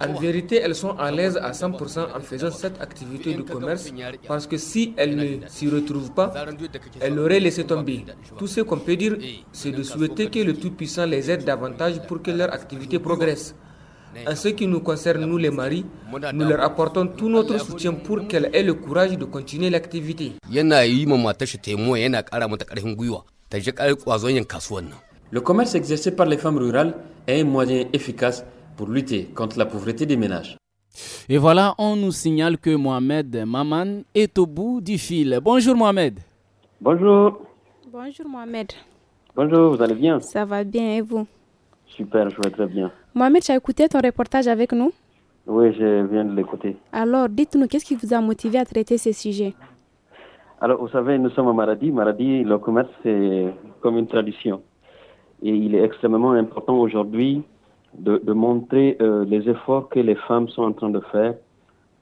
En vérité, elles sont à l'aise à 100% en faisant cette activité de commerce parce que si elles ne s'y retrouvent pas, elles l'auraient laissé tomber. Tout ce qu'on peut dire, c'est de souhaiter que le Tout-Puissant les aide davantage pour que leur activité progresse. En ce qui nous concerne, nous les maris, nous leur apportons tout notre soutien pour qu'elles aient le courage de continuer l'activité. Le commerce exercé par les femmes rurales est un moyen efficace pour lutter contre la pauvreté des ménages. Et voilà, on nous signale que Mohamed Maman est au bout du fil. Bonjour Mohamed. Bonjour. Bonjour Mohamed. Bonjour, vous allez bien Ça va bien et vous Super, je vais très bien. Mohamed, tu as écouté ton reportage avec nous Oui, je viens de l'écouter. Alors, dites-nous, qu'est-ce qui vous a motivé à traiter ce sujet Alors, vous savez, nous sommes à Maradi. Maradi, le commerce, c'est comme une tradition. Et il est extrêmement important aujourd'hui de, montrer euh, les efforts que les femmes sont en train de faire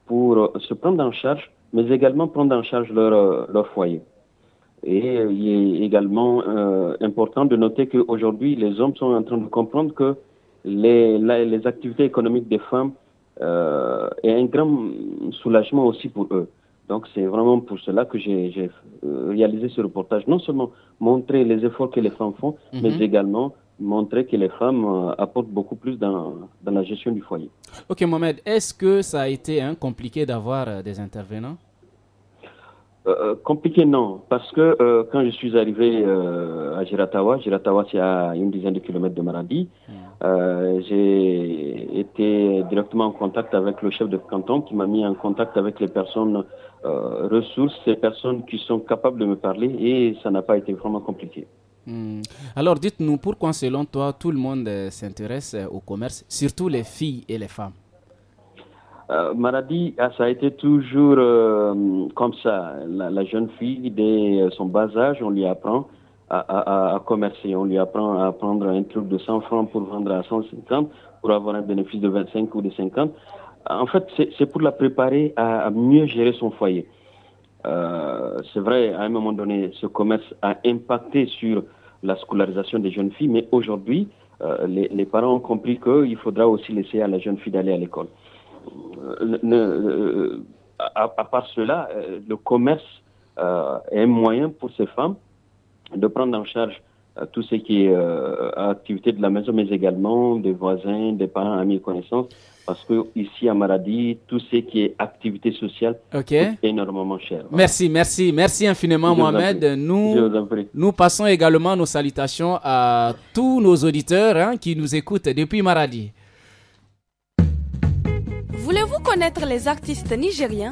pour euh, se prendre en charge, mais également prendre en charge leur, euh, foyer. Et il est également important de noter qu'aujourd'hui, les hommes sont en train de comprendre que les, les activités économiques des femmes est un grand soulagement aussi pour eux. Donc c'est vraiment pour cela que j'ai euh, réalisé ce reportage. Non seulement montrer les efforts que les femmes font, mhm. mais également montrer que les femmes euh, apportent beaucoup plus dans, la gestion du foyer. Ok Mohamed, est-ce que ça a été hein, compliqué d'avoir euh, des intervenants compliqué non, parce que quand je suis arrivé à Giratawa, Giratawa c'est à une dizaine de kilomètres de Maradi, hmm. j'ai été directement en contact avec le chef de canton qui m'a mis en contact avec les personnes euh, ressources, ces personnes qui sont capables de me parler et ça n'a pas été vraiment compliqué. Hmm. Alors dites-nous pourquoi selon toi tout le monde euh, s'intéresse euh, au commerce, surtout les filles et les femmes Maradi, ah, ça a été toujours comme ça. La, jeune fille, dès son bas âge, on lui apprend à, à, commercer. On lui apprend à prendre un truc de 100 francs pour vendre à 150, pour avoir un bénéfice de 25 ou de 50. En fait, c'est pour la préparer à, mieux gérer son foyer. Euh, c'est vrai, à un moment donné, ce commerce a impacté sur la scolarisation des jeunes filles, mais aujourd'hui, euh, les, parents ont compris qu'il faudra aussi laisser à la jeune fille d'aller à l'école. Euh, à, part cela, le commerce est un moyen pour ces femmes de prendre en charge tout ce qui est euh, activité de la maison, mais également des voisins, des parents, amis, connaissances. Parce que ici à Maradi, tout ce qui est activité sociale est énormément cher. Merci, merci, merci infiniment, Mohamed. Nous, passons également nos salutations à tous nos auditeurs hein, qui nous écoutent depuis Maradi. Voulez-vous connaître les artistes nigériens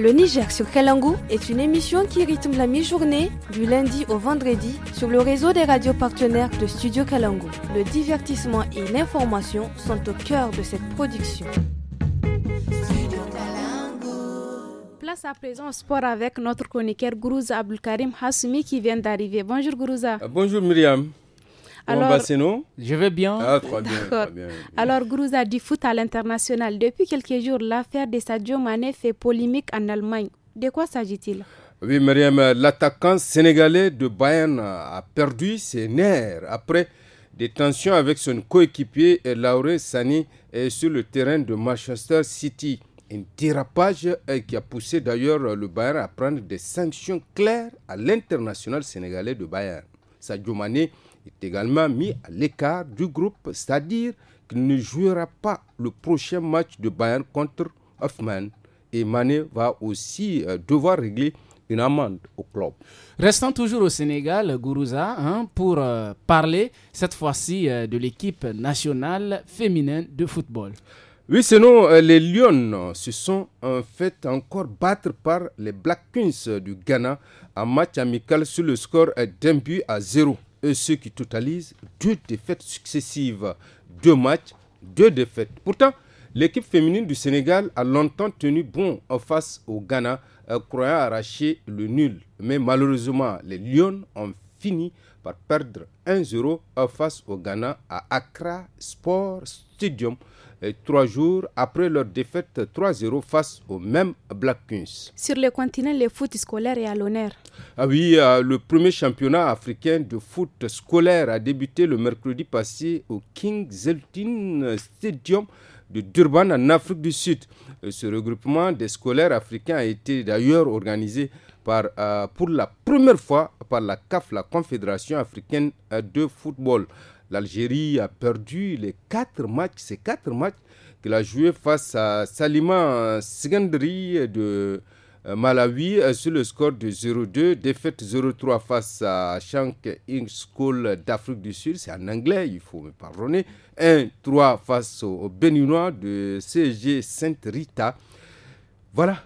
Le Niger sur kalango est une émission qui rythme la mi-journée du lundi au vendredi sur le réseau des radios partenaires de Studio Kalango. Le divertissement et l'information sont au cœur de cette production. Place à présent au sport avec notre chroniqueur Gourouza Karim Hasmi qui vient d'arriver. Bonjour Gourouza. Euh, bonjour Myriam. Bah, Alors, je vais bien. Ah, Alors, a dit foot à l'international. Depuis quelques jours, l'affaire de Sadio Mané fait polémique en Allemagne. De quoi s'agit-il Oui, Myriam, l'attaquant sénégalais de Bayern a perdu ses nerfs après des tensions avec son coéquipier Laure Sani sur le terrain de Manchester City. Un dérapage euh, qui a poussé d'ailleurs le Bayern à prendre des sanctions claires à l'international sénégalais de Bayern. Sadio Mané également mis à l'écart du groupe, c'est-à-dire qu'il ne jouera pas le prochain match de Bayern contre Hoffman. Et Mané va aussi euh, devoir régler une amende au club. Restons toujours au Sénégal, Gourouza, hein, pour euh, parler cette fois-ci euh, de l'équipe nationale féminine de football. Oui, sinon, les Lions se sont en fait encore battre par les Black Queens du Ghana en match amical sur le score d'un but à zéro. Ce ceux qui totalisent deux défaites successives, deux matchs, deux défaites. Pourtant, l'équipe féminine du Sénégal a longtemps tenu bon en face au Ghana, euh, croyant arracher le nul. Mais malheureusement, les Lions ont fini par perdre 1-0 face au Ghana à Accra Sport Stadium trois jours après leur défaite 3-0 face au même Black Kings. Sur le continent, le foot scolaire est à l'honneur. Ah oui, euh, le premier championnat africain de foot scolaire a débuté le mercredi passé au King Zeltin Stadium de Durban en Afrique du Sud. Euh, ce regroupement des scolaires africains a été d'ailleurs organisé par, euh, pour la première fois par la CAF, la Confédération africaine de football. L'Algérie a perdu les quatre matchs, ces quatre matchs qu'elle a joués face à Salima Sigandri de euh, Malawi euh, sur le score de 0-2, défaite 0-3 face à Shank Inc. School d'Afrique du Sud, c'est en anglais, il faut me pardonner, 1-3 face au Béninois de CG Sainte-Rita. Voilà.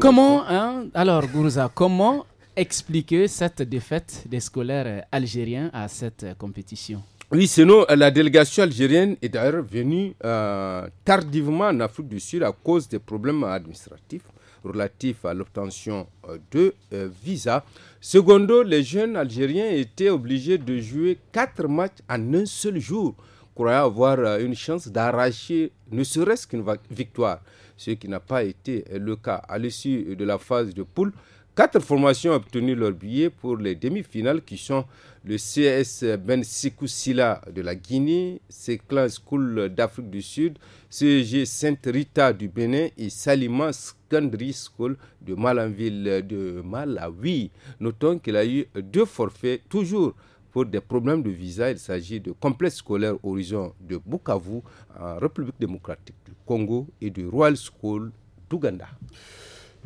Comment, hein? alors Gourza comment expliquer cette défaite des scolaires algériens à cette compétition oui, sinon, la délégation algérienne est d'ailleurs venue euh, tardivement en Afrique du Sud à cause des problèmes administratifs relatifs à l'obtention euh, de euh, visas. Secondo, les jeunes Algériens étaient obligés de jouer quatre matchs en un seul jour, croyant avoir une chance d'arracher ne serait-ce qu'une victoire, ce qui n'a pas été le cas. À l'issue de la phase de poule, quatre formations ont obtenu leur billet pour les demi-finales qui sont le CS Ben Sikousila de la Guinée, Seclan School d'Afrique du Sud, CEG Sainte Rita du Bénin et Salima Scandri School de Malanville de Malawi. Notons qu'il a eu deux forfaits toujours pour des problèmes de visa. Il s'agit de complexe scolaire Horizon de Bukavu en République démocratique du Congo et du Royal School d'Ouganda.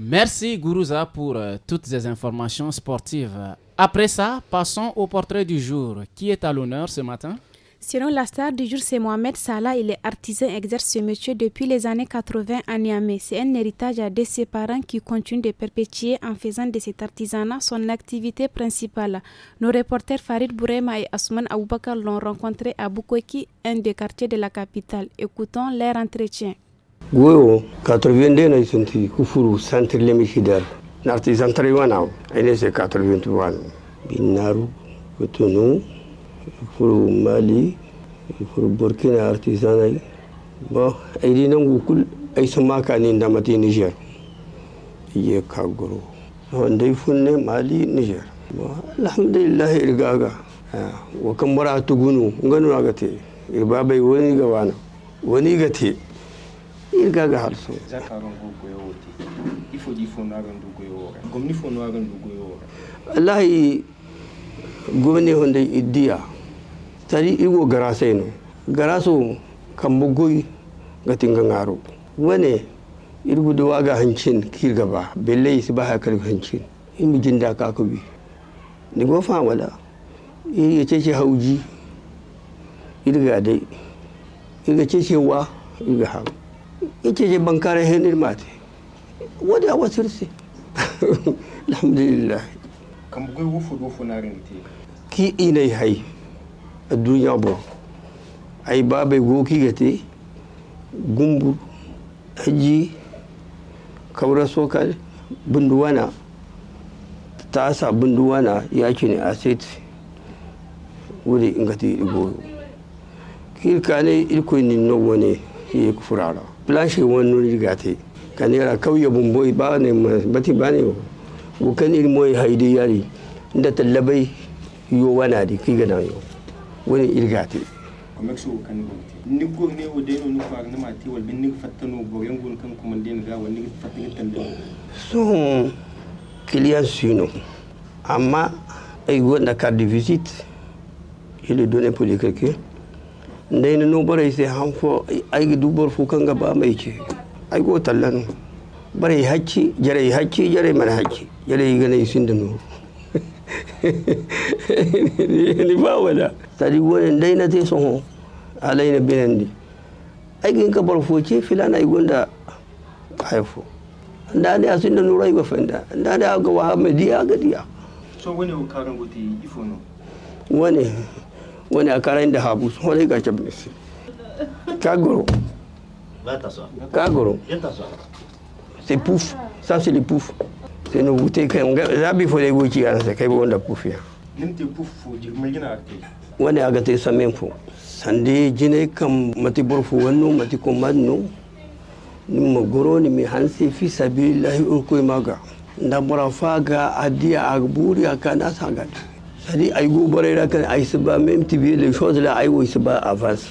Merci Gourouza pour euh, toutes ces informations sportives. Après ça, passons au portrait du jour. Qui est à l'honneur ce matin Selon la star du jour, c'est Mohamed Salah. Il est artisan, exerce ce métier depuis les années 80 à Niamey. C'est un héritage de ses parents qui continue de perpétuer en faisant de cet artisanat son activité principale. Nos reporters Farid Bourema et Asman Aboubakar l'ont rencontré à Bukweki, un des quartiers de la capitale. Écoutons leur entretien. guyo katrovendeenaysanti kufuru santir lemishidar narti santriwanaw inese katroventiwan binnaru kutunu kufuru mali kufuru burkina artisanay bo aydinangu kul ay samakani ndamati niger iye kaguru ndey funne mali niger alhamdulillah irgaga wa kan mura tugunu nganu agate irbabay woni gawana woni gate igaga halso zakarongogoyowote gomni fonoarondugoyowora iddiya tari igo garaseno garaso kambogoy gatinga ngaro wane irgude waga hancin kirgaba belle si baha kalgo hancin imi jinda kakobi ni go famala iri cece hauji irga dai irga ce wa irga hagu yake je ban kare hen irmati wadda a wasu rise alhamdulillah kan bugai wufu wufu na rinti ki inai hai a duniya ba ai ba bai goki ga te gumbu aji kaura soka bunduwana ta sa bunduwana ya ke ne a sai wuri in ka te igoro kirkane irkoyin ne ya yi furara لا شيء وان نوري قاتي كان يرى كوي بوي باني بتي باني وكان الموي هيدي يالي عند تلبي يو وانا دي كي غنا يو وين يرجعتي ومكسو كان بوتي نيغو ني ودينو نكو اغنا ماتي ولا بنيغ فتنو بوغين غون كان كومان غا ولا نيغ تندو سوم كليان سينو اما اي غون كارد فيزيت il est donné pour ndeyna no baray se han fo ayga du bor fu kanga mai ke ai go tallan baray hakki jare hakki jare mana ga jaray sun da no ni ba wala tadi wona ndeyna te binan di ai ga ka bar foke filan filana gonda hayfo nda ne asinda da ray go fenda nda da ga wa mediya ga diya so wani ka karango te ifono wani. wani a karayin da habu sun wani gace su kagoro kagoro c'est puf ça c'est le pouf c'est nos bouteilles kai bi fo da goki a nasa kai wanda puf ya nimte pouf fo jirma gina ake wani aga te samen fo sande jine kan mati borfo wanno mati komadno nimma goro ni mi hansi fi sabilillahi urkoy maga ndabora faga a agburi akana gada adi ay go barera kan ay saba même tibi les choses là ay wo saba avance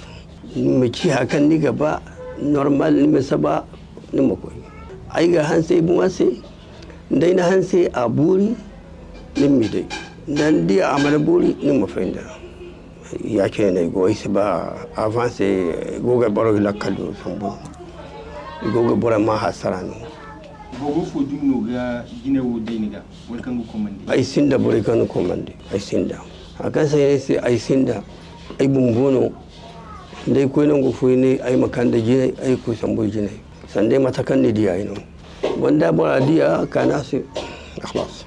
mu ci hakan ni gaba normal ni mu saba ni mu koyi ay ga han sai mu wase dai na han sai a buri ni mi dai dan dia amara buri ni mu fenda ya ke ne go saba avance go ga baro la kalu sombo go ga bora ma hasarano gogo fo dumno ga gina wo dayniga wal kangu komande ay sinda bore kanu komande ay sinda haka sai sai ay sinda ay bumbono dai ko nan go ne ay makanda je ay ko sambo jine sande mata kan ne diya ino wanda bora diya kana su ikhlas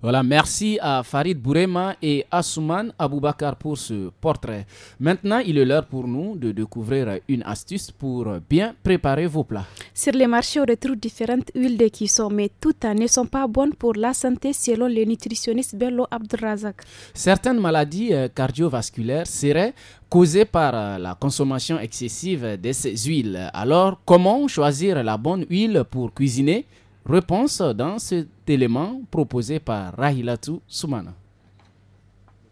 Voilà, merci à Farid Bourema et Assouman Aboubakar pour ce portrait. Maintenant, il est l'heure pour nous de découvrir une astuce pour bien préparer vos plats. Sur les marchés, on retrouve différentes huiles de cuisson, mais toutes ne sont pas bonnes pour la santé selon le nutritionniste Bello Abdrazak. Certaines maladies euh, cardiovasculaires seraient causées par euh, la consommation excessive de ces huiles. Alors, comment choisir la bonne huile pour cuisiner Réponse dans cet élément proposé par Rahilatou Soumana.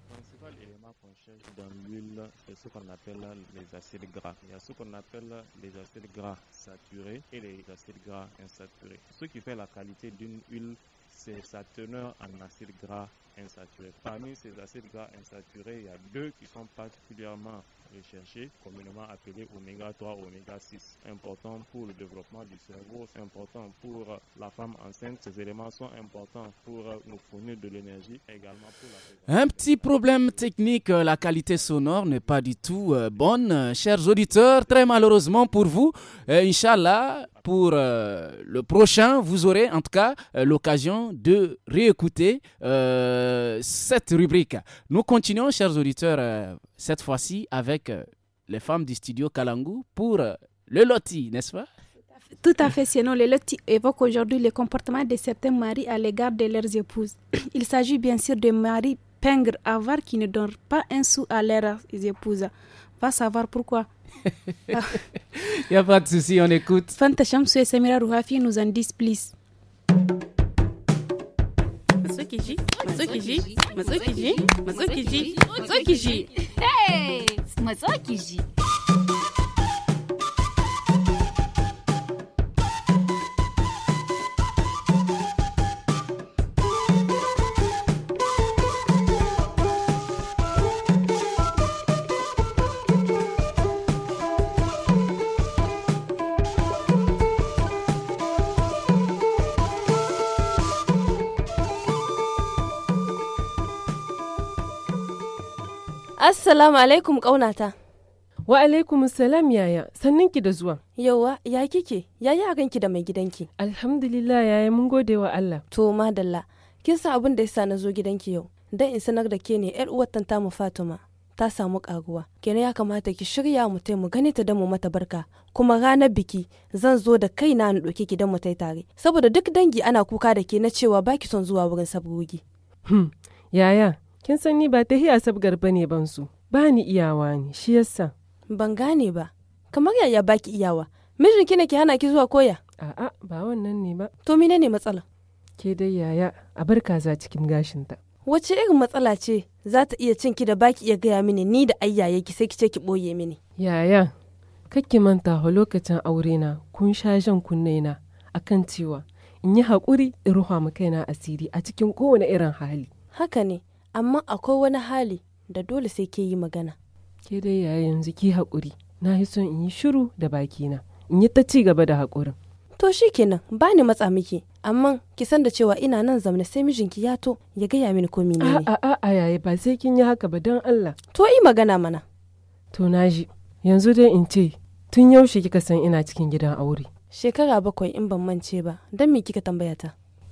Le principal élément qu'on cherche dans l'huile, c'est ce qu'on appelle les acides gras. Il y a ce qu'on appelle les acides gras saturés et les acides gras insaturés. Ce qui fait la qualité d'une huile, c'est sa teneur en acides gras insaturés. Parmi ces acides gras insaturés, il y a deux qui sont particulièrement Recherché communément appelé oméga 3, oméga 6. Important pour le développement du cerveau, important pour la femme enceinte. Ces éléments sont importants pour nous fournir de l'énergie, également pour la... Un petit problème technique, la qualité sonore n'est pas du tout euh, bonne. Chers auditeurs, très malheureusement pour vous, euh, Inch'Allah, pour euh, le prochain, vous aurez en tout cas euh, l'occasion de réécouter euh, cette rubrique. Nous continuons, chers auditeurs, cette fois-ci avec les femmes du studio Kalangu pour le loti, n'est-ce pas tout à fait, sinon le loti évoque aujourd'hui le comportement de certains maris à l'égard de leurs épouses. Il s'agit bien sûr de maris pingres avares qui ne donnent pas un sou à leurs épouses. Va savoir pourquoi. Il n'y a pas de souci, on écoute. Fanta Shamsou Samira Rouhafi nous en disent plus. Kiji, Matsukiji, Kiji, Matsukiji, Matsukiji. Hey! Kiji. Assalamu alaikum kaunata. Wa alaikum salam yaya, sannin ki da zuwa. Yauwa, ya kike, yaya a ganki da mai gidanki. Alhamdulillah yaya mun gode wa Allah. To madalla, kin san abin da ya sa na zo gidanki yau. Dan in sanar da ke ne yar uwar tanta mu Fatima. Ta samu karuwa. Kenan ya kamata ki shirya mu tai mu gani ta da mu mata barka. Kuma ranar biki zan zo da kai na ɗauke ki dan mu tai tare. Saboda duk dangi ana kuka da ke na cewa baki son zuwa wurin sabgogi. Hmm, yaya, kin san ni ba ta hiya sabgar bane ban su. bani iyawa ne shi yasa ban gane ba kamar yaya baki iyawa mijinki ne ke hana ki zuwa koya a'a ba wannan ne ba to mine ne matsala ke dai yaya a bar kaza cikin gashinta wace irin matsala ce za ta iya ki da baki iya gaya mini ni da ayyaye ki sai ki ce ki boye mini yaya kakki manta a lokacin aure na kun sha jan kunne na akan cewa in yi hakuri in ruha mu kaina asiri a cikin kowane irin hali haka ne amma akwai wani hali da dole sai ke yi magana ke dai yaya yanzu ki haƙuri na yi son in yi shiru da bakina in yi ta ci gaba da haƙurin to shi kenan ba ni matsa miki amma ki san da cewa ina nan zamna sai mijinki ya to ya gaya mini ko ne a a a yaya ba sai kin yi haka ba don Allah to yi magana mana to na ji yanzu dai in ce tun yaushe kika san ina cikin gidan aure shekara bakwai in ban mance ba don me kika tambaya ta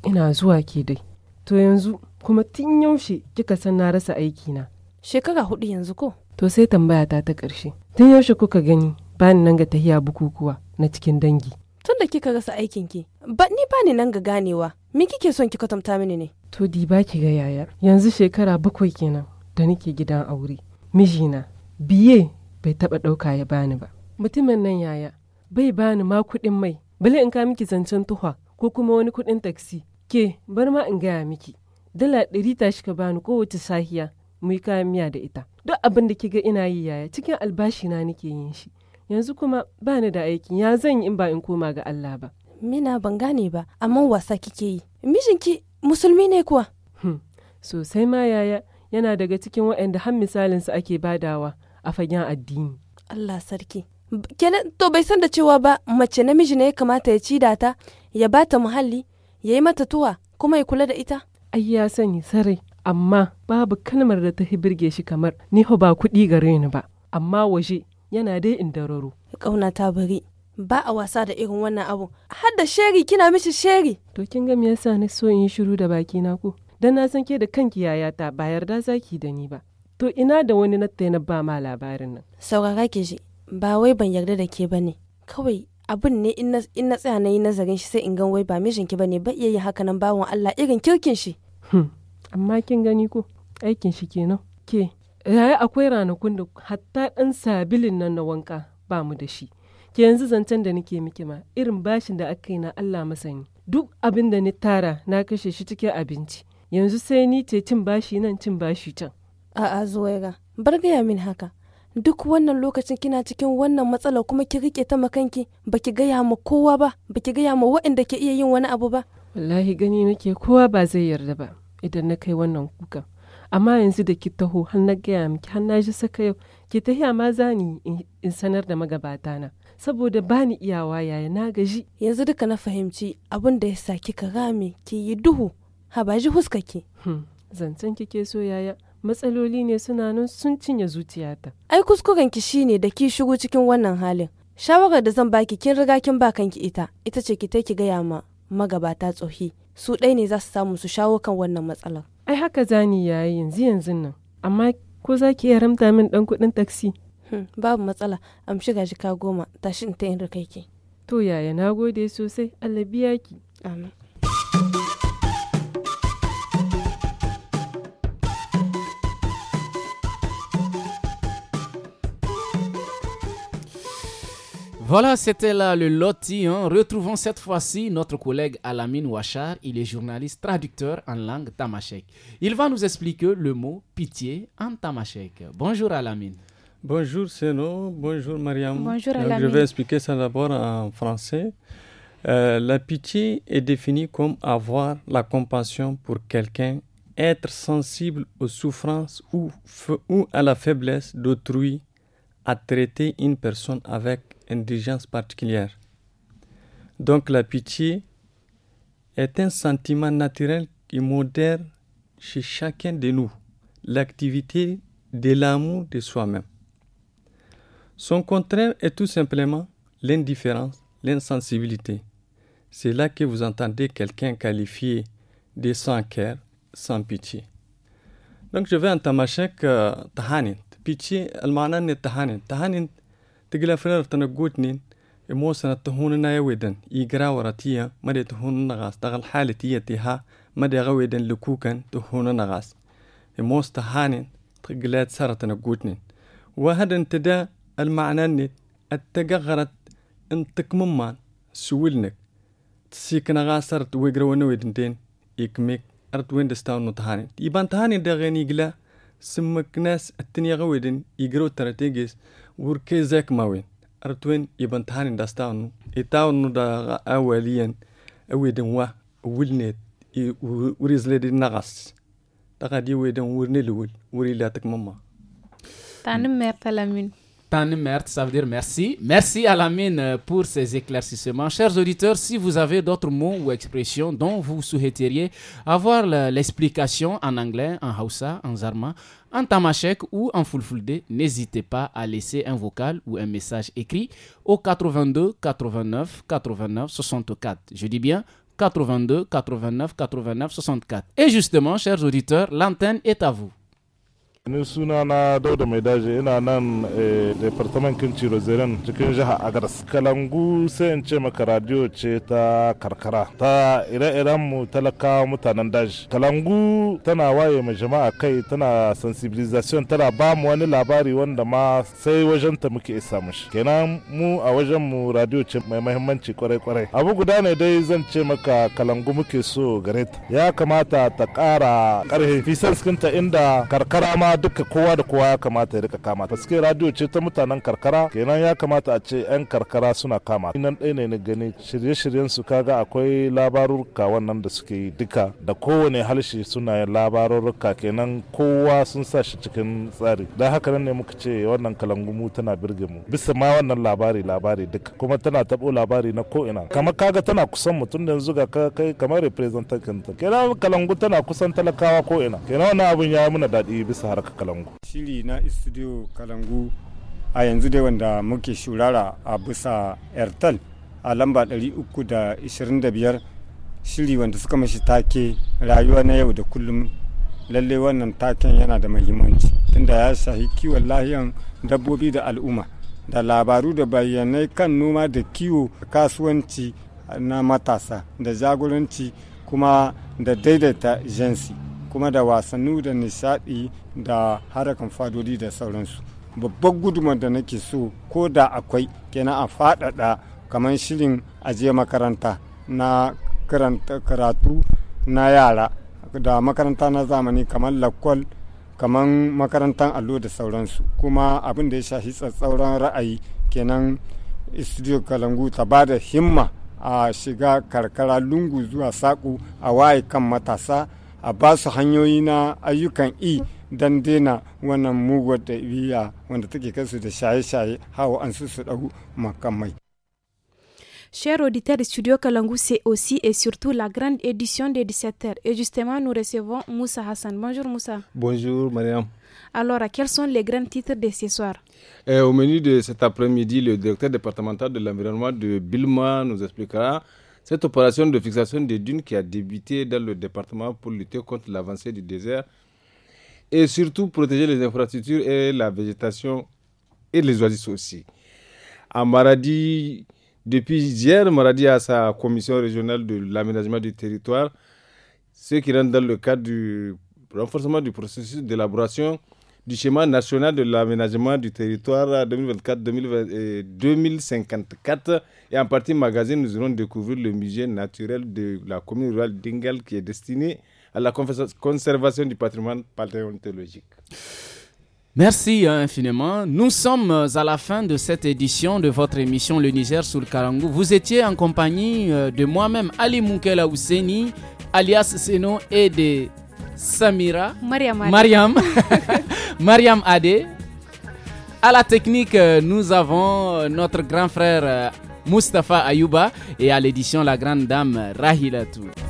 ina zuwa ke dai to yanzu kuma tun yaushe kika san na rasa aikina Shekara hudu yanzu ko? To sai tambaya ta ta ƙarshe. Tun yaushe kuka gani bani nan ga tahiya bukukuwa na cikin dangi. Tun da kika rasa aikin ki, ba ni bani nan ga ganewa. Me kike son ki kwatanta mini ne? To di ba ki ga yaya Yanzu shekara bakwai kenan da nake gidan aure. Mijina biye bai taba ɗauka ya bani ba. Mutumin nan yaya bai bani ma kuɗin mai. Bale in ka miki zancen tuhwa ko kuma wani kuɗin taksi. Ke bar ma in gaya miki. Dala ɗari tashi ka bani kowace sahiya muyi kayan miya da ita duk abin da kiga ina yi yaya cikin albashi na nake yin shi yanzu kuma ba ni da aiki ya zan yi in ba in koma ga Allah ba mina ban gane ba amma wasa kike yi mijinki musulmi ne kuwa hmm, sosai ma yaya yana daga cikin waɗanda har misalin su ake badawa a fagen addini Allah sarki kenan to bai san da cewa ba mace namiji ne ya kamata ya ci data ya bata muhalli ya yi mata tuwa kuma ya kula da ita ai ya sani sarai amma babu kalmar da ta birge shi kamar ni ba kuɗi gare ni ba amma waje yana dai in dararo. kauna ta bari ba a wasa da irin wannan abu har da sheri kina mishi sheri. To kin ga me yasa ni so in shiru da baki na ko dan na san ke da kanki yayata ba yarda zaki da ni ba. To ina da wani na na ba ma labarin nan. Saurara ke ji ba wai ban yarda da ke bane kawai abin ne in na tsaya na yi nazarin shi sai in gan wai ba mijinki bane ba iya yi haka nan bawon Allah irin kirkin shi. Hmm. amma kin gani ko aikin shi kenan ke yaya akwai ranakun da hatta ɗan sabilin nan na wanka ba mu da shi ke yanzu zancen da nake miki ma irin bashin da aka yi na Allah masani duk abin da ni tara na kashe shi cikin abinci yanzu sai ni ce cin bashi nan cin bashi can a'a ga bar gaya min haka duk wannan lokacin kina cikin wannan matsala kuma ki rike ta makanki baki gaya ma kowa ba baki gaya ma waɗanda ke iya yin wani abu ba wallahi gani nake kowa ba zai yarda ba idan na kai wannan kuka amma yanzu da ki taho har na gaya miki har na ji saka yau ki tahi ma za ni in sanar da magabata na saboda bani iyawa yaya na gaji yanzu duka na fahimci abin da ya sa kika rame ki yi duhu ha ba ji huska ki hmm, zancen kike so yaya matsaloli ne suna nan sun cinye zuciyata ai kuskuren ki shine da ki shigo cikin wannan halin shawarar da zan baki kin riga kin ba kanki ita ita ce ki ta ki gaya ma magabata tsohi su ɗai ne za su samu su shawo kan wannan matsalar. Ai haka zani ya yi yanzu yanzu nan, amma ko za ki iya ramta min ɗan kuɗin taksi? Hmm, babu matsala, am shiga ka goma, tashi in ta yin ke. To yaya, na gode sosai, Allah biya ki. Amin. Voilà, c'était là le loti. Hein. Retrouvons cette fois-ci notre collègue Alamine Ouachar. Il est journaliste traducteur en langue tamashek. Il va nous expliquer le mot pitié en tamashek. Bonjour Alamine. Bonjour Seno, bonjour Mariam. Bonjour Alamine. je vais expliquer ça d'abord en français. Euh, la pitié est définie comme avoir la compassion pour quelqu'un, être sensible aux souffrances ou à la faiblesse d'autrui à traiter une personne avec indigence particulière. Donc la pitié est un sentiment naturel qui modère chez chacun de nous l'activité de l'amour de soi-même. Son contraire est tout simplement l'indifférence, l'insensibilité. C'est là que vous entendez quelqu'un qualifié de sans cœur, sans pitié. Donc je vais entendre ma euh, tahanin. بيتشي المعنى ان التهانين تهانين تقلا فنر تنقوتنين إموسنا تهون ويدن إيقرا وراتيا مدى تهون نغاس تغل حالة تيها مدى غويدن لكوكن تهون نغاس إموس تهانين تقلا سارة تنقوتنين وهذا انتدا المعنى ان التقغرت انتك ممان سولنك تسيك نغاسرت تويقرا ونويدن دين إكميك أرتوين دستاون تهانن يبان تهانن دا غيني si magnas atinyaqa wedin igro tarategis wurke zek mawin artwen ibantani dastawn itawnu da awaliyan awedin wa wilnet wurizle di nagas taqadi wedin wurne lul wurilatak mamma tanim mertalamin ça veut dire merci. Merci à la mine pour ces éclaircissements. Chers auditeurs, si vous avez d'autres mots ou expressions dont vous souhaiteriez avoir l'explication en anglais, en Hausa, en Zarma, en Tamashek ou en Fulfulde, n'hésitez pas à laisser un vocal ou un message écrit au 82 89 89 64. Je dis bien 82 89 89 64. Et justement, chers auditeurs, l'antenne est à vous. Ni suna na Dauda Mai Daji ina nan eh, Departament Kinci Rozerin cikin jihar Agadas. Kalangu sai in ce maka radio ce ta karkara ta ire-iren mu talaka mutanen daji. Kalangu tana waye mai jama'a kai tana sensibilization tana ba mu wani labari wanda ma sai wajen ta muke isa mushi Kenan mu a wajen mu radio ce mai mahimmanci kwarai-kwarai. Abu guda ne dai zan ce maka kalangu muke so gare Ya kamata ta kara ƙarfi. Fisanskinta inda karkara ma duka kowa da kowa ya kamata ya rika kama suke radio ce ta mutanen karkara kenan ya kamata a ce yan karkara suna kama nan ɗaya ne na gani shirye-shiryen su kaga akwai labarurka wannan da suke yi duka da kowane halshe suna yin labarurka kenan kowa sun sa shi cikin tsari don haka nan ne muka ce wannan kalangumu tana birge mu bisa ma wannan labari labari duka kuma tana tabo labari na ko ina. kama kaga tana kusan mutum da yanzu ga kai kamar representant kenan kalangu tana kusan talakawa ko ina. kenan wannan abun ya yi muna daɗi bisa harka ɗaukar kalangu. Shiri na studio kalangu a yanzu dai wanda muke shurara a bisa airtel a lamba 325 shiri wanda suka mashi take rayuwa na yau da kullum lalle wannan taken yana da mahimmanci tunda ya shahi kiwon lahiyan dabbobi da al'umma da labaru da bayanai kan noma da kiwo kasuwanci na matasa da jagoranci kuma da daidaita jinsi kuma da wasannu da nishaɗi da harakan fadodi da sauransu babban guduma da nake so ko da akwai kenan a faɗaɗa kamar shirin ajiye makaranta na karatu na yara da makaranta na zamani kamar lakwal kamar makarantar allo da sauransu kuma abin da ya shafi tsatsauran ra'ayi kenan studio kalangu ta ba da himma a shiga karkara lungu zuwa saƙo a waye kan matasa a Chers auditeurs du studio Kalangu, c'est aussi et surtout la grande édition des 17h. Et justement, nous recevons Moussa Hassan. Bonjour Moussa. Bonjour Mariam. Alors, quels sont les grands titres de ce soir euh, Au menu de cet après-midi, le directeur départemental de l'environnement de Bilma nous expliquera cette opération de fixation des dunes qui a débuté dans le département pour lutter contre l'avancée du désert et surtout protéger les infrastructures et la végétation et les oasis aussi. À Maradi, depuis hier, Maradi a sa commission régionale de l'aménagement du territoire, ce qui rentre dans le cadre du renforcement du processus d'élaboration du schéma national de l'aménagement du territoire 2024-2054 et en partie magazine, nous allons découvrir le musée naturel de la commune rurale d'Ingal qui est destiné à la conservation du patrimoine paléontologique. Merci hein, infiniment. Nous sommes à la fin de cette édition de votre émission Le Niger sur le Karangou. Vous étiez en compagnie euh, de moi-même, Ali Moukela Ousseni, alias Seno, et des Samira, Mariam, Mariam, Mariam Adé. À la technique, euh, nous avons euh, notre grand frère euh, Mustapha Ayouba et à l'édition la grande dame Rahilatou.